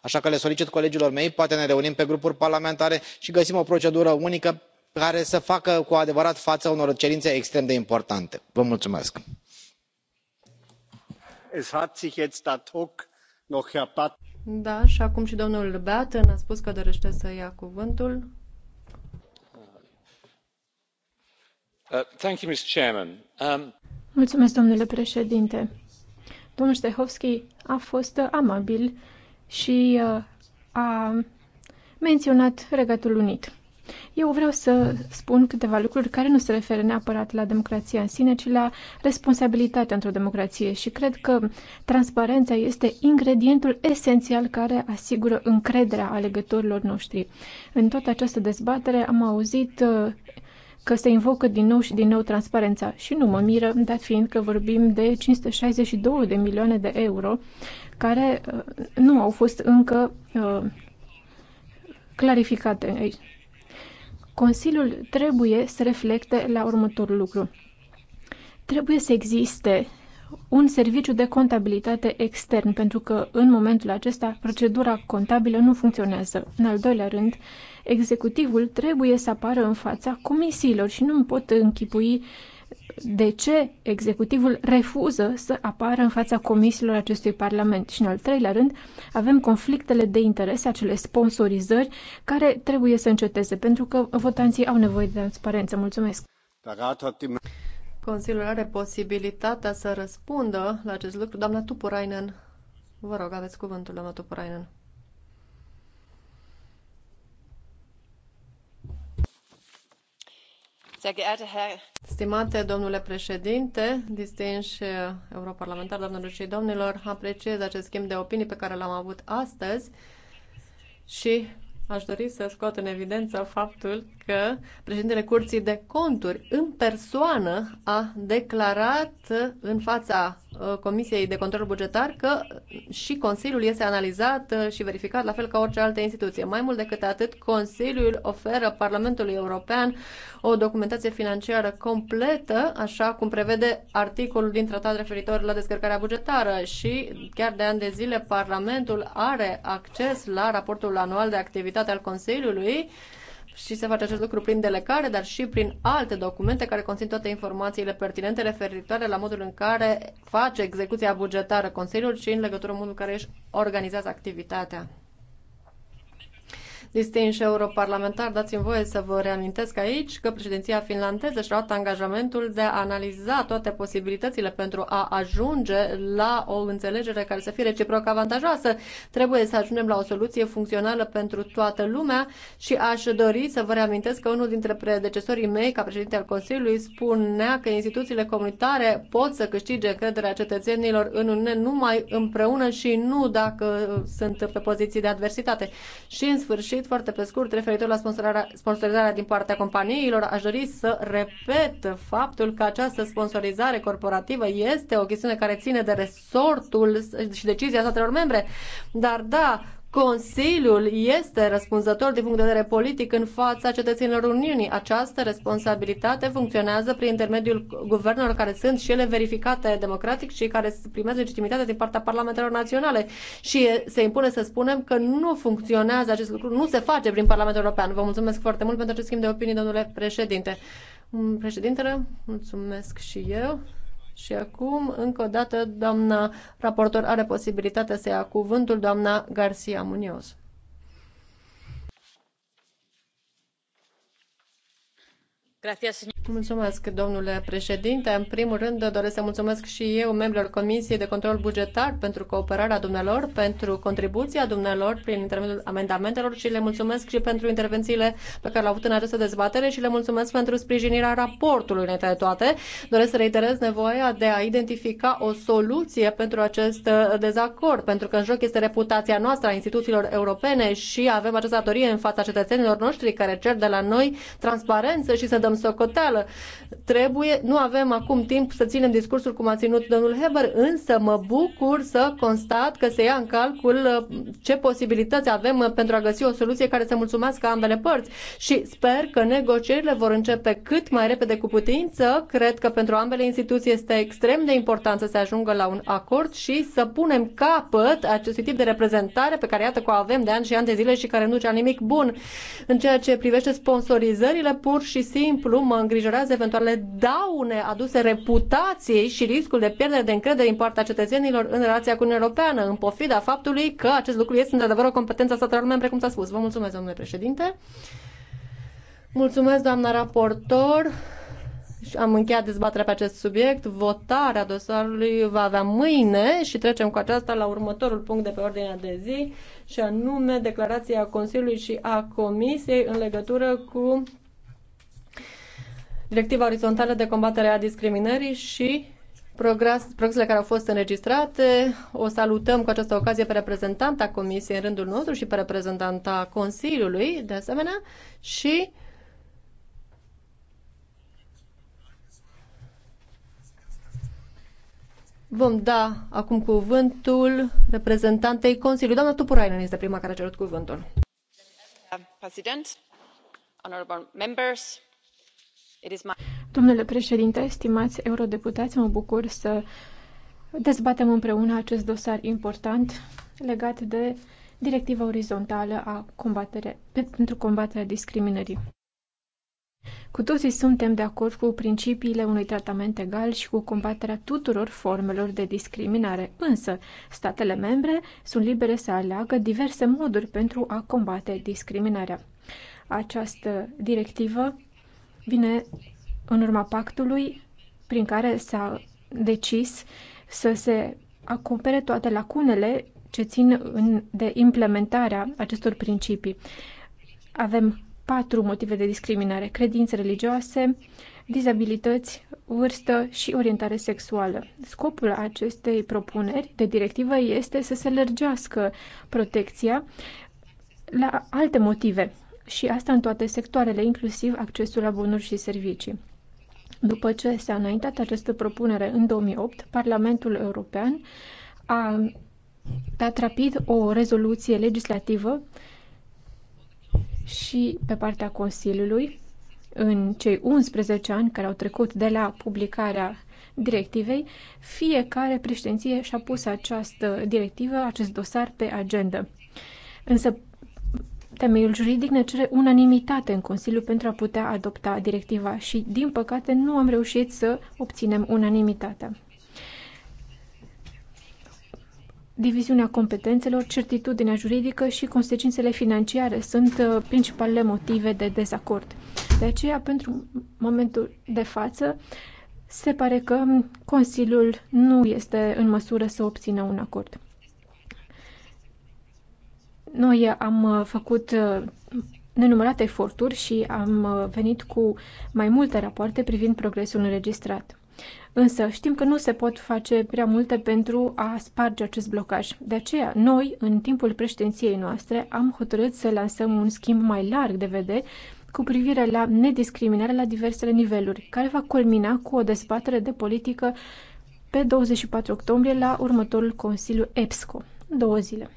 așa că le solicit colegilor mei poate ne reunim pe grupuri parlamentare și găsim o procedură unică care să facă cu adevărat față unor cerințe extrem de importante. vă mulțumesc. da și acum și domnul batten a spus că dorește să ia cuvântul. Uh, um, mulțumesc, domnule președinte domnul zdechovsk a fost amabil și uh, a menționat Regatul Unit. Eu vreau să spun câteva lucruri care nu se referă neapărat la democrația în sine, ci la responsabilitatea într-o democrație și cred că transparența este ingredientul esențial care asigură încrederea alegătorilor noștri. În toată această dezbatere am auzit uh, că se invocă din nou și din nou transparența și nu mă miră, dat fiind că vorbim de 562 de milioane de euro care uh, nu au fost încă uh, clarificate aici. Consiliul trebuie să reflecte la următorul lucru. Trebuie să existe un serviciu de contabilitate extern, pentru că în momentul acesta procedura contabilă nu funcționează. În al doilea rând, executivul trebuie să apară în fața comisiilor și nu pot închipui uh, de ce executivul refuză să apară în fața comisiilor acestui Parlament. Și în al treilea rând, avem conflictele de interese, acele sponsorizări, care trebuie să înceteze, pentru că votanții au nevoie de transparență. Mulțumesc! Consiliul are posibilitatea să răspundă la acest lucru. Doamna Tupurainen, vă rog, aveți cuvântul, doamna Tupurainen. Stimate domnule președinte, distinși europarlamentari, doamnelor și domnilor, apreciez acest schimb de opinii pe care l-am avut astăzi și aș dori să scot în evidență faptul că președintele Curții de Conturi în persoană a declarat în fața Uh, Comisiei de Control Bugetar că și Consiliul este analizat uh, și verificat la fel ca orice altă instituție. Mai mult decât atât, Consiliul oferă Parlamentului European o documentație financiară completă, așa cum prevede articolul din tratat referitor la descărcarea bugetară și chiar de ani de zile Parlamentul are acces la raportul anual de activitate al Consiliului și se face acest lucru prin delecare, dar și prin alte documente care conțin toate informațiile pertinente referitoare la modul în care face execuția bugetară Consiliul și în legătură cu modul în care își organizează activitatea. Distinși europarlamentari, dați-mi voie să vă reamintesc aici că președinția finlandeză și-a luat angajamentul de a analiza toate posibilitățile pentru a ajunge la o înțelegere care să fie reciproc avantajoasă. Trebuie să ajungem la o soluție funcțională pentru toată lumea și aș dori să vă reamintesc că unul dintre predecesorii mei, ca președinte al Consiliului, spunea că instituțiile comunitare pot să câștige încrederea cetățenilor în Uniune numai împreună și nu dacă sunt pe poziții de adversitate. Și în sfârșit, vorbit foarte pe scurt referitor la sponsorarea, sponsorizarea din partea companiilor. Aș dori să repet faptul că această sponsorizare corporativă este o chestiune care ține de resortul și decizia statelor membre. Dar da, Consiliul este răspunzător din punct de vedere politic în fața cetățenilor Uniunii. Această responsabilitate funcționează prin intermediul guvernelor care sunt și ele verificate democratic și care primesc legitimitate din partea parlamentelor naționale. Și se impune să spunem că nu funcționează acest lucru, nu se face prin Parlamentul European. Vă mulțumesc foarte mult pentru acest schimb de opinii, domnule președinte. Președintele, mulțumesc și eu. Și acum, încă o dată, doamna raportor are posibilitatea să ia cuvântul, doamna Garcia Munoz. Mulțumesc, domnule președinte. În primul rând, doresc să mulțumesc și eu membrilor Comisiei de Control Bugetar pentru cooperarea dumnealor, pentru contribuția dumnealor prin intermediul amendamentelor și le mulțumesc și pentru intervențiile pe care le-au avut în această dezbatere și le mulțumesc pentru sprijinirea raportului înainte de toate. Doresc să reiterez nevoia de a identifica o soluție pentru acest dezacord, pentru că în joc este reputația noastră a instituțiilor europene și avem această datorie în fața cetățenilor noștri care cer de la noi transparență și să dăm dăm socoteală. Trebuie, nu avem acum timp să ținem discursul cum a ținut domnul Heber, însă mă bucur să constat că se ia în calcul uh, ce posibilități avem uh, pentru a găsi o soluție care să mulțumească ambele părți și sper că negocierile vor începe cât mai repede cu putință. Cred că pentru ambele instituții este extrem de important să se ajungă la un acord și să punem capăt acestui tip de reprezentare pe care iată că o avem de ani și ani de zile și care nu cea nimic bun. În ceea ce privește sponsorizările, pur și simplu exemplu, mă îngrijorează eventuale daune aduse reputației și riscul de pierdere de încredere din partea cetățenilor în relația cu Uniunea Europeană, în pofida faptului că acest lucru este într-adevăr o competență a statelor membre, cum s-a spus. Vă mulțumesc, domnule președinte. Mulțumesc, doamna raportor. Am încheiat dezbaterea pe acest subiect. Votarea dosarului va avea mâine și trecem cu aceasta la următorul punct de pe ordinea de zi, și anume declarația Consiliului și a Comisiei în legătură cu directiva orizontală de combatere a discriminării și progresele care au fost înregistrate. O salutăm cu această ocazie pe reprezentanta Comisiei în rândul nostru și pe reprezentanta Consiliului, de asemenea, și Vom da acum cuvântul reprezentantei Consiliului. Doamna Tupurainen este prima care a cerut cuvântul. President, Domnule președinte, stimați eurodeputați, mă bucur să dezbatem împreună acest dosar important legat de directiva orizontală a combatere, pentru combaterea discriminării. Cu toții suntem de acord cu principiile unui tratament egal și cu combaterea tuturor formelor de discriminare, însă statele membre sunt libere să aleagă diverse moduri pentru a combate discriminarea. Această directivă vine în urma pactului prin care s-a decis să se acopere toate lacunele ce țin în, de implementarea acestor principii. Avem patru motive de discriminare: credințe religioase, dizabilități, vârstă și orientare sexuală. Scopul acestei propuneri de directivă este să se lărgească protecția la alte motive, și asta în toate sectoarele, inclusiv accesul la bunuri și servicii. După ce s-a înaintat această propunere în 2008, Parlamentul European a dat rapid o rezoluție legislativă și pe partea Consiliului, în cei 11 ani care au trecut de la publicarea directivei, fiecare președinție și-a pus această directivă, acest dosar pe agenda. Însă Temeiul juridic ne cere unanimitate în Consiliu pentru a putea adopta directiva și, din păcate, nu am reușit să obținem unanimitatea. Diviziunea competențelor, certitudinea juridică și consecințele financiare sunt uh, principalele motive de dezacord. De aceea, pentru momentul de față, se pare că Consiliul nu este în măsură să obțină un acord. Noi am uh, făcut uh, nenumărate eforturi și am uh, venit cu mai multe rapoarte privind progresul înregistrat. Însă știm că nu se pot face prea multe pentru a sparge acest blocaj. De aceea, noi, în timpul președinției noastre, am hotărât să lansăm un schimb mai larg de vedere cu privire la nediscriminarea la diversele niveluri, care va culmina cu o dezbatere de politică pe 24 octombrie la următorul Consiliu EPSCO, două zile.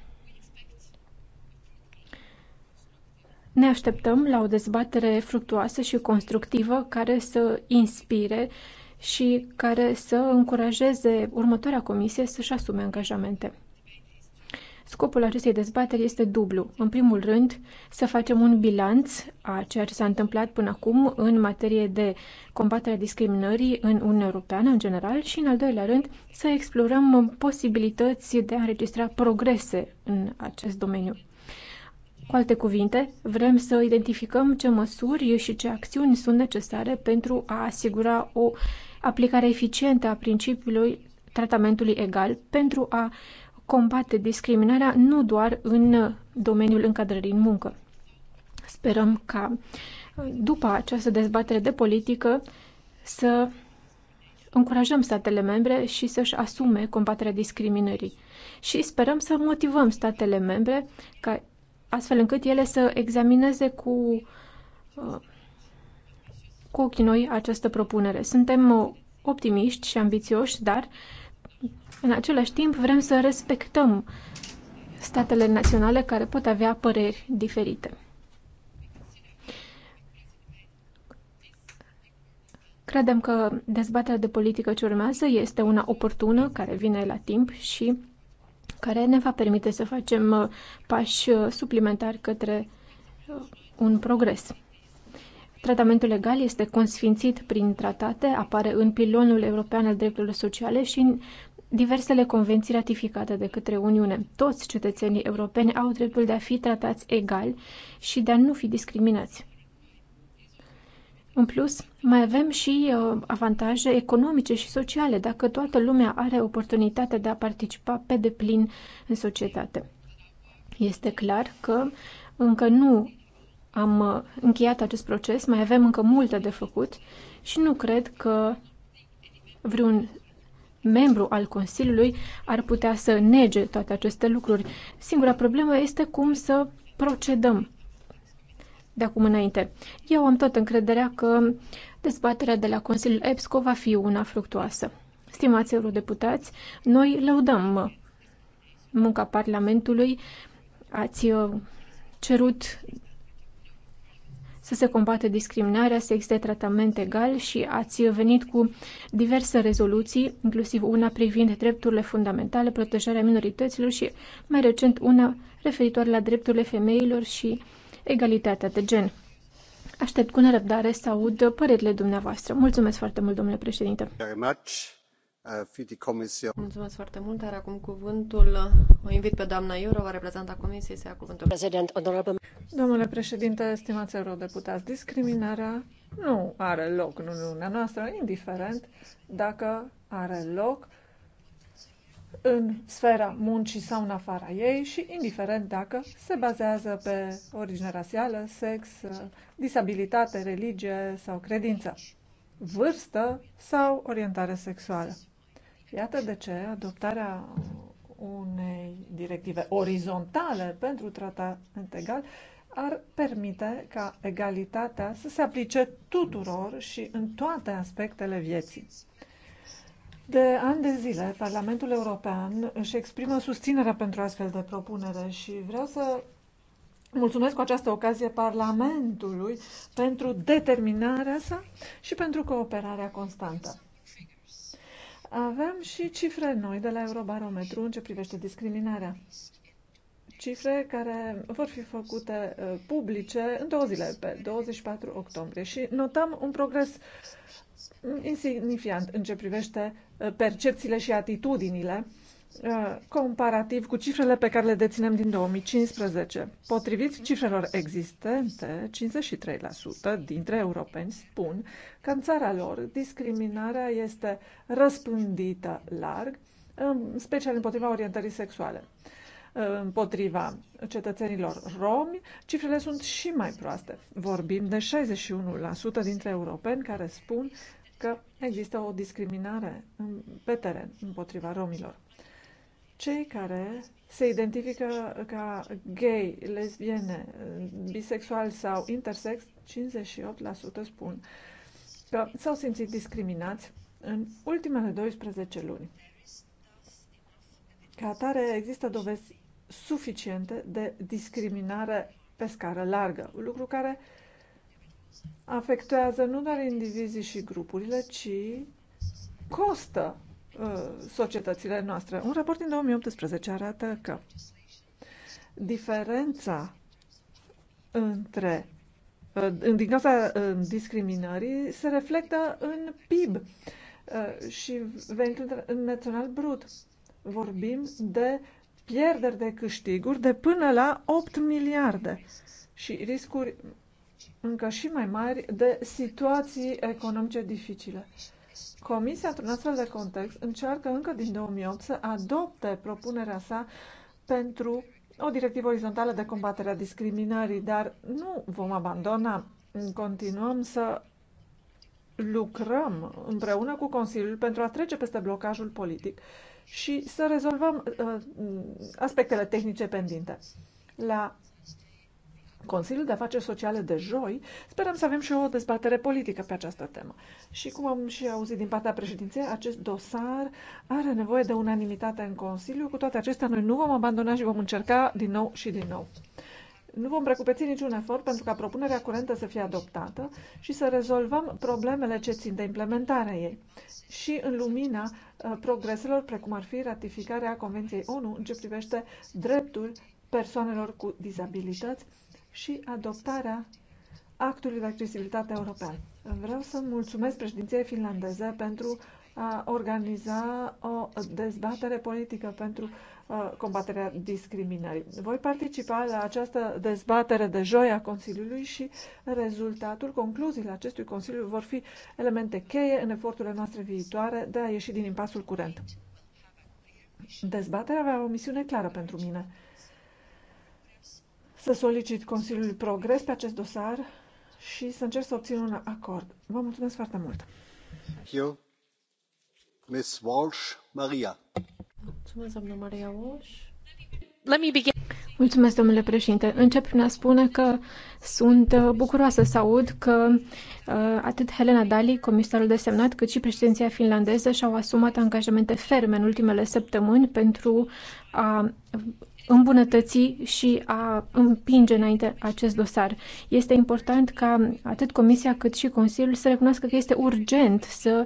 Ne așteptăm la o dezbatere fructuoasă și constructivă care să inspire și care să încurajeze următoarea comisie să-și asume angajamente. Scopul acestei dezbateri este dublu. În primul rând, să facem un bilanț a ceea ce s-a întâmplat până acum în materie de combaterea discriminării în Uniunea Europeană în general și, în al doilea rând, să explorăm posibilități de a înregistra progrese în acest domeniu. Cu alte cuvinte, vrem să identificăm ce măsuri și ce acțiuni sunt necesare pentru a asigura o aplicare eficientă a principiului tratamentului egal pentru a combate discriminarea nu doar în domeniul încadrării în muncă. Sperăm ca după această dezbatere de politică să încurajăm statele membre și să-și asume combaterea discriminării și sperăm să motivăm statele membre ca astfel încât ele să examineze cu, uh, cu ochii noi această propunere. Suntem uh, optimiști și ambițioși, dar în același timp vrem să respectăm statele naționale care pot avea păreri diferite. Credem că dezbaterea de politică ce urmează este una oportună, care vine la timp și care ne va permite să facem uh, pași uh, suplimentari către uh, un progres. Tratamentul legal este consfințit prin tratate, apare în pilonul european al drepturilor sociale și în diversele convenții ratificate de către Uniune. Toți cetățenii europeni au dreptul de a fi tratați egal și de a nu fi discriminați. În plus, mai avem și uh, avantaje economice și sociale dacă toată lumea are oportunitatea de a participa pe deplin în societate. Este clar că încă nu am uh, încheiat acest proces, mai avem încă multe de făcut și nu cred că vreun membru al Consiliului ar putea să nege toate aceste lucruri. Singura problemă este cum să procedăm de acum înainte. Eu am tot încrederea că dezbaterea de la Consiliul EPSCO va fi una fructuoasă. Stimați eurodeputați, noi lăudăm munca Parlamentului. Ați uh, cerut să se combată discriminarea, să existe tratament egal și ați venit cu diverse rezoluții, inclusiv una privind drepturile fundamentale, protejarea minorităților și mai recent una referitoare la drepturile femeilor și uh, egalitatea de gen. Aștept cu nerăbdare să aud părerile dumneavoastră. Mulțumesc foarte mult, domnule președinte. Uh, Mulțumesc foarte mult. Are acum cuvântul. O invit pe doamna Iurova, reprezentanta Comisiei, să ia cuvântul. Domnule președinte, stimați eurodeputați, discriminarea nu are loc în Uniunea noastră, indiferent dacă are loc în sfera muncii sau în afara ei și indiferent dacă se bazează pe origine rasială, sex, disabilitate, religie sau credință, vârstă sau orientare sexuală. Iată de ce adoptarea unei directive orizontale pentru tratament egal ar permite ca egalitatea să se aplice tuturor și în toate aspectele vieții. De ani de zile, Parlamentul European își exprimă susținerea pentru astfel de propunere și vreau să mulțumesc cu această ocazie Parlamentului pentru determinarea sa și pentru cooperarea constantă. Avem și cifre noi de la Eurobarometru în ce privește discriminarea. Cifre care vor fi făcute uh, publice în două zile, pe 24 octombrie, și notăm un progres insignifiant în ce privește uh, percepțiile și atitudinile uh, comparativ cu cifrele pe care le deținem din 2015. Potrivit cifrelor existente, 53% dintre europeni spun că în țara lor discriminarea este răspândită larg, în special împotriva orientării sexuale. Uh, împotriva cetățenilor romi, cifrele sunt și mai proaste. Vorbim de 61% dintre europeni care spun că există o discriminare pe teren împotriva romilor. Cei care se identifică ca gay, lesbiene, bisexual sau intersex, 58% spun că s-au simțit discriminați în ultimele 12 luni. Ca atare, există dovezi suficiente de discriminare pe scară largă, un lucru care uh, afectează nu doar indivizii și grupurile, ci costă uh, societățile noastre. Un raport din 2018 arată că diferența între uh, din cauza uh, discriminării se reflectă în PIB uh, și venitul național brut. Vorbim de pierderi de câștiguri de până la 8 miliarde și riscuri încă și mai mari de situații economice dificile. Comisia, într-un astfel de context, încearcă încă din 2008 să adopte propunerea sa pentru o directivă orizontală de combatere a discriminării, dar nu vom abandona. Continuăm să lucrăm împreună cu Consiliul pentru a trece peste blocajul politic și să rezolvăm uh, aspectele tehnice pendinte. La Consiliul de Afaceri Sociale de joi, sperăm să avem și o dezbatere politică pe această temă. Și cum am și auzit din partea președinției, acest dosar are nevoie de unanimitate în Consiliu. Cu toate acestea, noi nu vom abandona și vom încerca din nou și din nou. Nu vom precupeți niciun efort pentru ca propunerea curentă să fie adoptată și să rezolvăm problemele ce țin de implementarea ei și în lumina uh, progreselor, precum ar fi ratificarea Convenției ONU în ce privește dreptul persoanelor cu dizabilități și adoptarea actului de accesibilitate european. Vreau să mulțumesc președinției finlandeze pentru a organiza o dezbatere politică pentru uh, combaterea discriminării. Voi participa la această dezbatere de joi a Consiliului și rezultatul, concluziile acestui Consiliu vor fi elemente cheie în eforturile noastre viitoare de a ieși din impasul curent. Dezbaterea avea o misiune clară pentru mine să solicit Consiliului Progres pe acest dosar și să încerc să obțin un acord. Vă mulțumesc foarte mult! Eu, Miss Walsh, Maria. Mulțumesc, doamna Maria Walsh. Let me begin. Mulțumesc, domnule președinte. Încep prin a spune că sunt uh, bucuroasă să aud că uh, atât Helena Dali, comisarul desemnat, cât și președinția finlandeză și-au asumat angajamente ferme în ultimele săptămâni pentru a îmbunătăți și a împinge înainte acest dosar. Este important ca atât Comisia cât și Consiliul să recunoască că este urgent să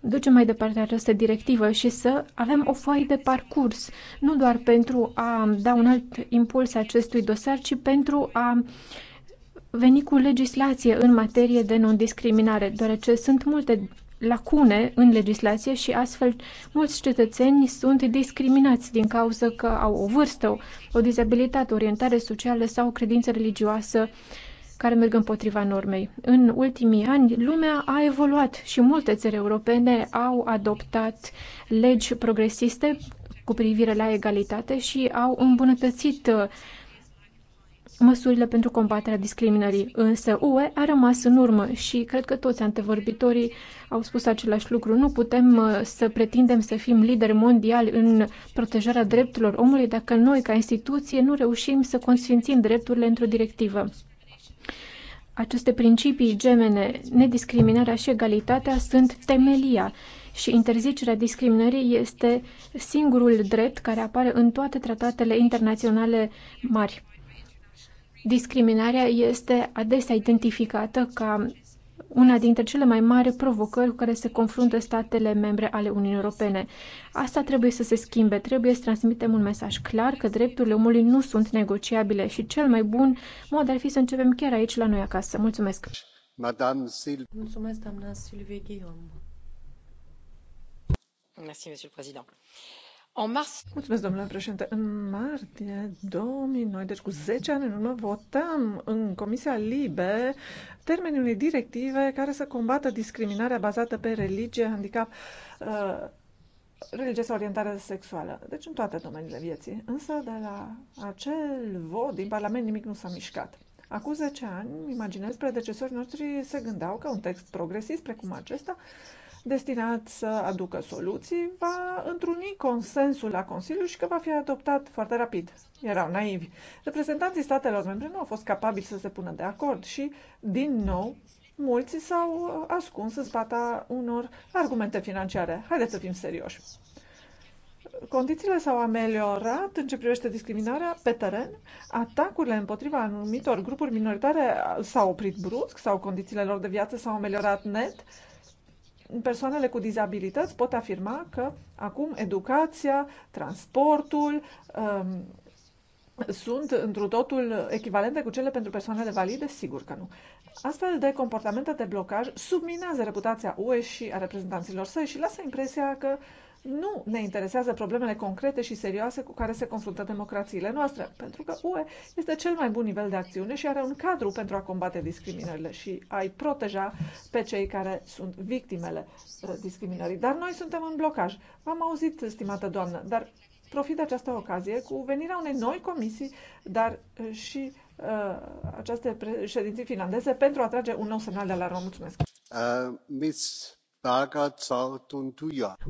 ducem mai departe această directivă și să avem o foaie de parcurs, nu doar pentru a da un alt impuls acestui dosar, ci pentru a veni cu legislație în materie de non-discriminare, deoarece sunt multe lacune în legislație și astfel mulți cetățeni sunt discriminați din cauza că au o vârstă, o dizabilitate, orientare socială sau o credință religioasă care merg împotriva normei. În ultimii ani, lumea a evoluat și multe țări europene au adoptat legi progresiste cu privire la egalitate și au îmbunătățit uh, măsurile pentru combaterea discriminării. Însă UE a rămas în urmă și cred că toți antevorbitorii au spus același lucru. Nu putem uh, să pretindem să fim lideri mondiali în protejarea drepturilor omului dacă noi, ca instituție, nu reușim să consfințim drepturile într-o directivă. Aceste principii gemene, nediscriminarea și egalitatea, sunt temelia și interzicerea discriminării este singurul drept care apare în toate tratatele internaționale mari. Discriminarea este adesea identificată ca una dintre cele mai mari provocări cu care se confruntă statele membre ale Uniunii Europene. Asta trebuie să se schimbe, trebuie să transmitem un mesaj clar că drepturile omului nu sunt negociabile și cel mai bun mod ar fi să începem chiar aici, la noi acasă. Mulțumesc! Mulțumesc, doamna Silvie Guillaume. Mulțumesc, domnule președinte Mulțumesc, domnule președinte. În martie 2009, deci cu 10 ani în urmă, votăm în Comisia Libe termenii unei directive care să combată discriminarea bazată pe religie, handicap, uh, religie sau orientare sexuală. Deci în toate domeniile vieții. Însă de la acel vot din Parlament nimic nu s-a mișcat. Acum 10 ani, imaginez, predecesorii noștri se gândeau că un text progresist precum acesta destinat să aducă soluții, va întruni consensul la Consiliu și că va fi adoptat foarte rapid. Erau naivi. Reprezentanții statelor membre nu au fost capabili să se pună de acord și, din nou, mulți s-au ascuns în spata unor argumente financiare. Haideți să fim serioși. Condițiile s-au ameliorat în ce privește discriminarea pe teren, atacurile împotriva anumitor grupuri minoritare s-au oprit brusc sau condițiile lor de viață s-au ameliorat net, persoanele cu dizabilități pot afirma că acum educația, transportul um, sunt întru totul echivalente cu cele pentru persoanele valide? Sigur că nu. Astfel de comportamente de blocaj subminează reputația UE și a reprezentanților săi și lasă impresia că uh, nu ne interesează problemele concrete și serioase cu care se confruntă democrațiile noastre, pentru că UE este cel mai bun nivel de acțiune și are un cadru pentru a combate discriminările și a-i proteja pe cei care sunt victimele uh, discriminării. Dar noi suntem în blocaj. V-am auzit, stimată doamnă, dar profit de această ocazie cu venirea unei noi comisii, dar uh, și uh, aceste președinții finlandeze pentru a trage un nou semnal de alarmă. Mulțumesc! Uh, Miss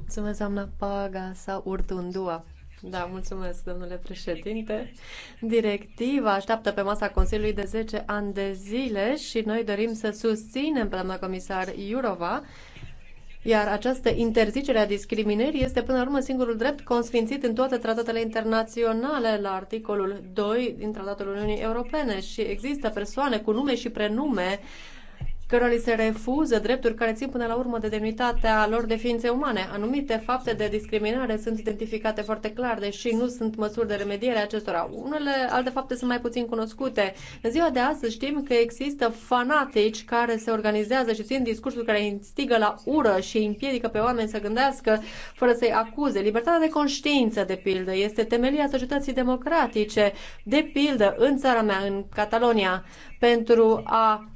Mulțumesc, doamna Paga sau Urtundua. Da, mulțumesc, domnule președinte. Directiva așteaptă pe masa Consiliului de 10 ani de zile și noi dorim să susținem pe doamna comisar Iurova iar această interzicere a discriminării este până la urmă singurul drept consfințit în toate tratatele internaționale la articolul 2 din Tratatul Uniunii Europene și există persoane cu nume și prenume cărora li se refuză drepturi care țin până la urmă de demnitatea lor de ființe umane. Anumite fapte de discriminare sunt identificate foarte clar, deși nu sunt măsuri de remediere acestora. Unele alte fapte sunt mai puțin cunoscute. În ziua de astăzi știm că există fanatici care se organizează și țin discursuri care instigă la ură și împiedică pe oameni să gândească fără să-i acuze. Libertatea de conștiință, de pildă, este temelia societății democratice. De pildă, în țara mea, în Catalonia, pentru a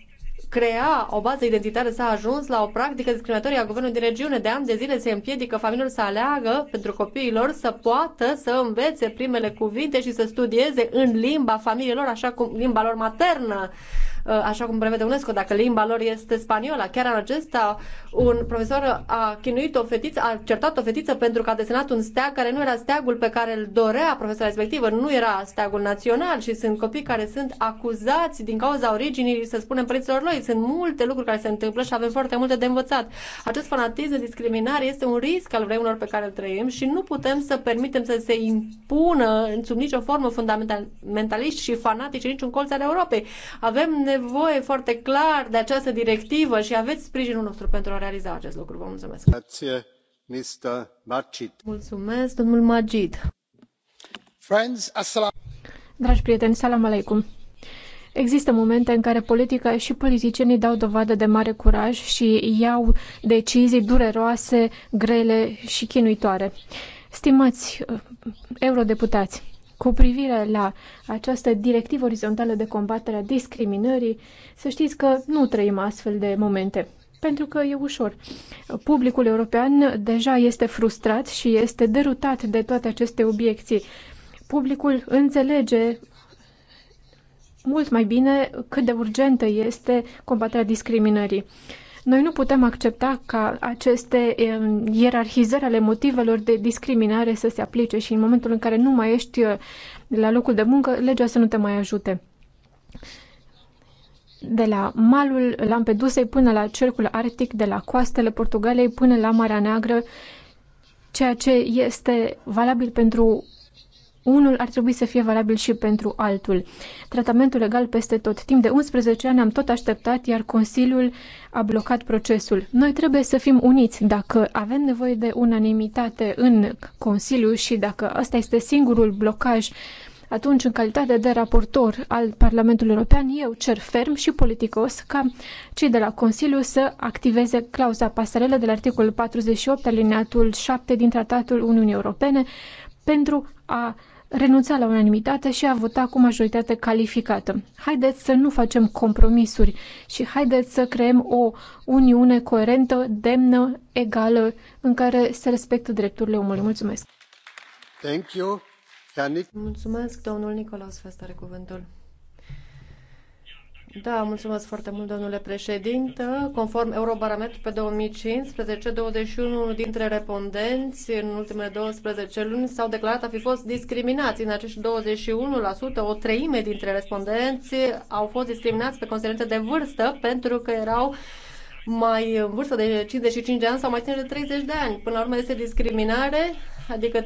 crea o bază identitară s-a ajuns la o practică discriminatorie a guvernului din regiune. De ani de zile se împiedică familiilor să aleagă pentru copiilor să poată să învețe primele cuvinte și să studieze în limba familiilor, așa cum limba lor maternă. Uh, așa cum prevede UNESCO, dacă limba lor este spaniola. Chiar în acesta, un profesor a chinuit o fetiță, a certat o fetiță pentru că a desenat un steag care nu era steagul pe care îl dorea profesorul respectivă, nu era steagul național și sunt copii care sunt acuzați din cauza originii, să spunem, părinților lor. Sunt multe lucruri care se întâmplă și avem foarte multe de învățat. Acest fanatism de discriminare este un risc al vremurilor pe care îl trăim și nu putem să permitem să se impună sub nicio formă fundamentaliști și fanatici în niciun colț al Europei. Avem nevoie nevoie foarte clar de această directivă și aveți sprijinul nostru pentru a realiza acest lucru. Vă mulțumesc. Mulțumesc, domnul Majid. Friends, assalam. Dragi prieteni, salam aleikum. Există momente în care politica și politicienii dau dovadă de mare curaj și iau decizii dureroase, grele și chinuitoare. Stimați uh, eurodeputați, cu privire la această directivă orizontală de combatere a discriminării, să știți că nu trăim astfel de momente. Pentru că e ușor. Publicul european deja este frustrat și este derutat de toate aceste obiecții. Publicul înțelege mult mai bine cât de urgentă este combaterea discriminării. Noi nu putem accepta ca aceste ierarhizări ale motivelor de discriminare să se aplice și în momentul în care nu mai ești uh, la locul de muncă, legea să nu te mai ajute. De la malul Lampedusei până la cercul arctic, de la coastele Portugalei până la Marea Neagră, ceea ce este valabil pentru unul ar trebui să fie valabil și pentru altul. Tratamentul legal peste tot. Timp de 11 ani am tot așteptat, iar Consiliul a blocat procesul. Noi trebuie să fim uniți. Dacă avem nevoie de unanimitate în Consiliu și dacă ăsta este singurul blocaj atunci, în calitate de raportor al Parlamentului European, eu cer ferm și politicos ca cei de la Consiliu să activeze clauza pasarelă de la articolul 48, alineatul 7 din Tratatul Uniunii Europene, pentru a renunța la unanimitate și a vota cu majoritate calificată. Haideți să nu facem compromisuri și haideți să creăm o uniune coerentă, demnă, egală, în care se respectă drepturile omului. Mulțumesc! Thank you. Mulțumesc, domnul Nicolaus Fest are cuvântul. Da, mulțumesc foarte mult, domnule președinte. Conform Eurobarometru pe 2015, 21 dintre respondenți în ultimele 12 luni s-au declarat a fi fost discriminați. În acești 21%, o treime dintre respondenți au fost discriminați pe considerente de vârstă pentru că erau mai în vârstă de 55 de ani sau mai tineri de 30 de ani. Până la urmă este discriminare, adică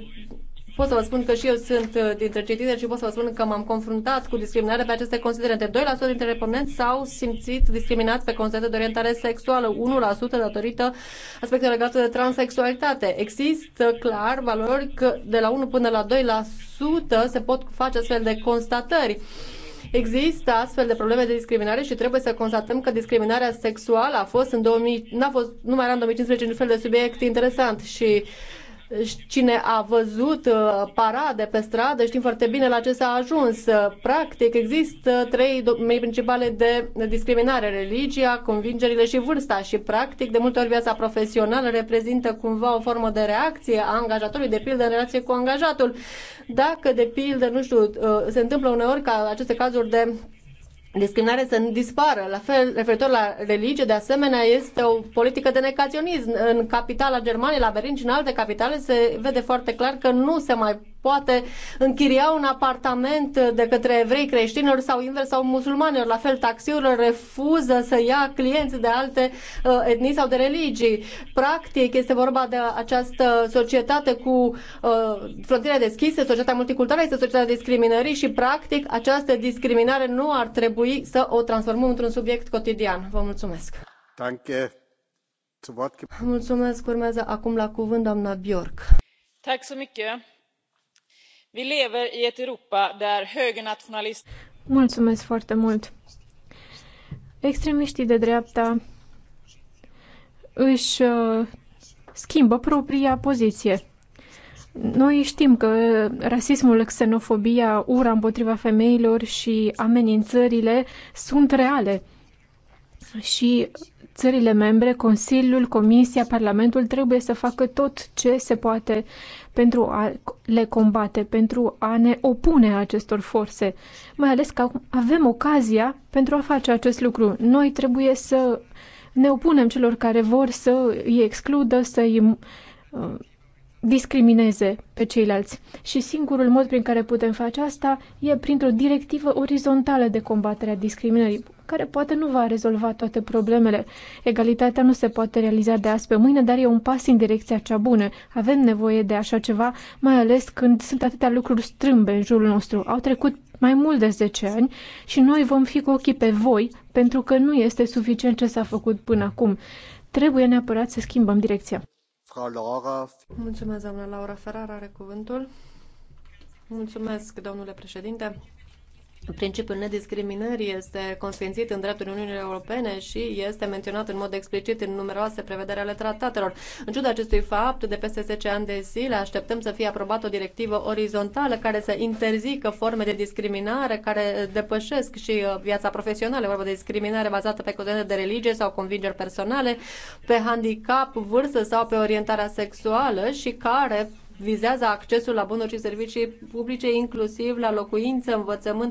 Pot să vă spun că și eu sunt uh, dintre cei tineri și pot să vă spun că m-am confruntat cu discriminare pe aceste considerente. 2% dintre reponenți s-au simțit discriminați pe considerente de orientare sexuală, 1% datorită aspecte legate de transexualitate. Există clar valori că de la 1 până la 2% se pot face astfel de constatări. Există astfel de probleme de discriminare și trebuie să constatăm că discriminarea sexuală a fost în 2000, n-a fost, nu mai era în 2015 un fel de subiect interesant și uh, deci cine a văzut uh, parade pe stradă știm foarte bine la ce s-a ajuns. Uh, practic există trei domenii principale de discriminare, religia, convingerile și vârsta și practic de multe ori viața profesională reprezintă cumva o formă de reacție a angajatorului, de pildă în relație cu angajatul. Dacă, de pildă, nu știu, uh, se întâmplă uneori ca aceste cazuri de discriminare să nu dispară. La fel, referitor la religie, de asemenea, este o politică de negaționism. În capitala Germaniei, la Berlin și în alte capitale, se vede foarte clar că nu se mai poate închiria un apartament de către evrei creștinilor sau invers sau musulmanilor. La fel, taxiurile refuză să ia clienți de alte uh, etnii sau de religii. Practic, este vorba de această societate cu uh, frontiere deschise, societatea multiculturală este societatea discriminării și, practic, această discriminare nu ar trebui să o transformăm într-un subiect cotidian. Vă mulțumesc! Danke. Mulțumesc. Urmează acum la cuvânt doamna Bjork. Tack så mycket. Mulțumesc foarte mult. Extremiștii de dreapta își uh, schimbă propria poziție. Noi știm că rasismul, xenofobia, ura împotriva femeilor și amenințările sunt reale și țările membre, Consiliul, Comisia, Parlamentul trebuie să facă tot ce se poate pentru a le combate, pentru a ne opune acestor forțe. Mai ales că avem ocazia pentru a face acest lucru. Noi trebuie să ne opunem celor care vor să îi excludă, să îi uh, discrimineze pe ceilalți. Și singurul mod prin care putem face asta e printr-o directivă orizontală de combatere a discriminării care poate nu va rezolva toate problemele. Egalitatea nu se poate realiza de azi pe mâine, dar e un pas în direcția cea bună. Avem nevoie de așa ceva, mai ales când sunt atâtea lucruri strâmbe în jurul nostru. Au trecut mai mult de 10 ani și noi vom fi cu ochii pe voi, pentru că nu este suficient ce s-a făcut până acum. Trebuie neapărat să schimbăm direcția. Laura. Mulțumesc, doamna Laura Ferrara, are cuvântul. Mulțumesc, domnule președinte. Principiul nediscriminării este consfințit în dreptul Uniunii Europene și este menționat în mod explicit în numeroase prevederi ale tratatelor. În ciuda acestui fapt, de peste 10 ani de zile așteptăm să fie aprobată o directivă orizontală care să interzică forme de discriminare care depășesc și uh, viața profesională, vorba de discriminare bazată pe codene de religie sau convingeri personale, pe handicap, vârstă sau pe orientarea sexuală și care vizează accesul la bunuri și servicii publice, inclusiv la locuință, învățământ și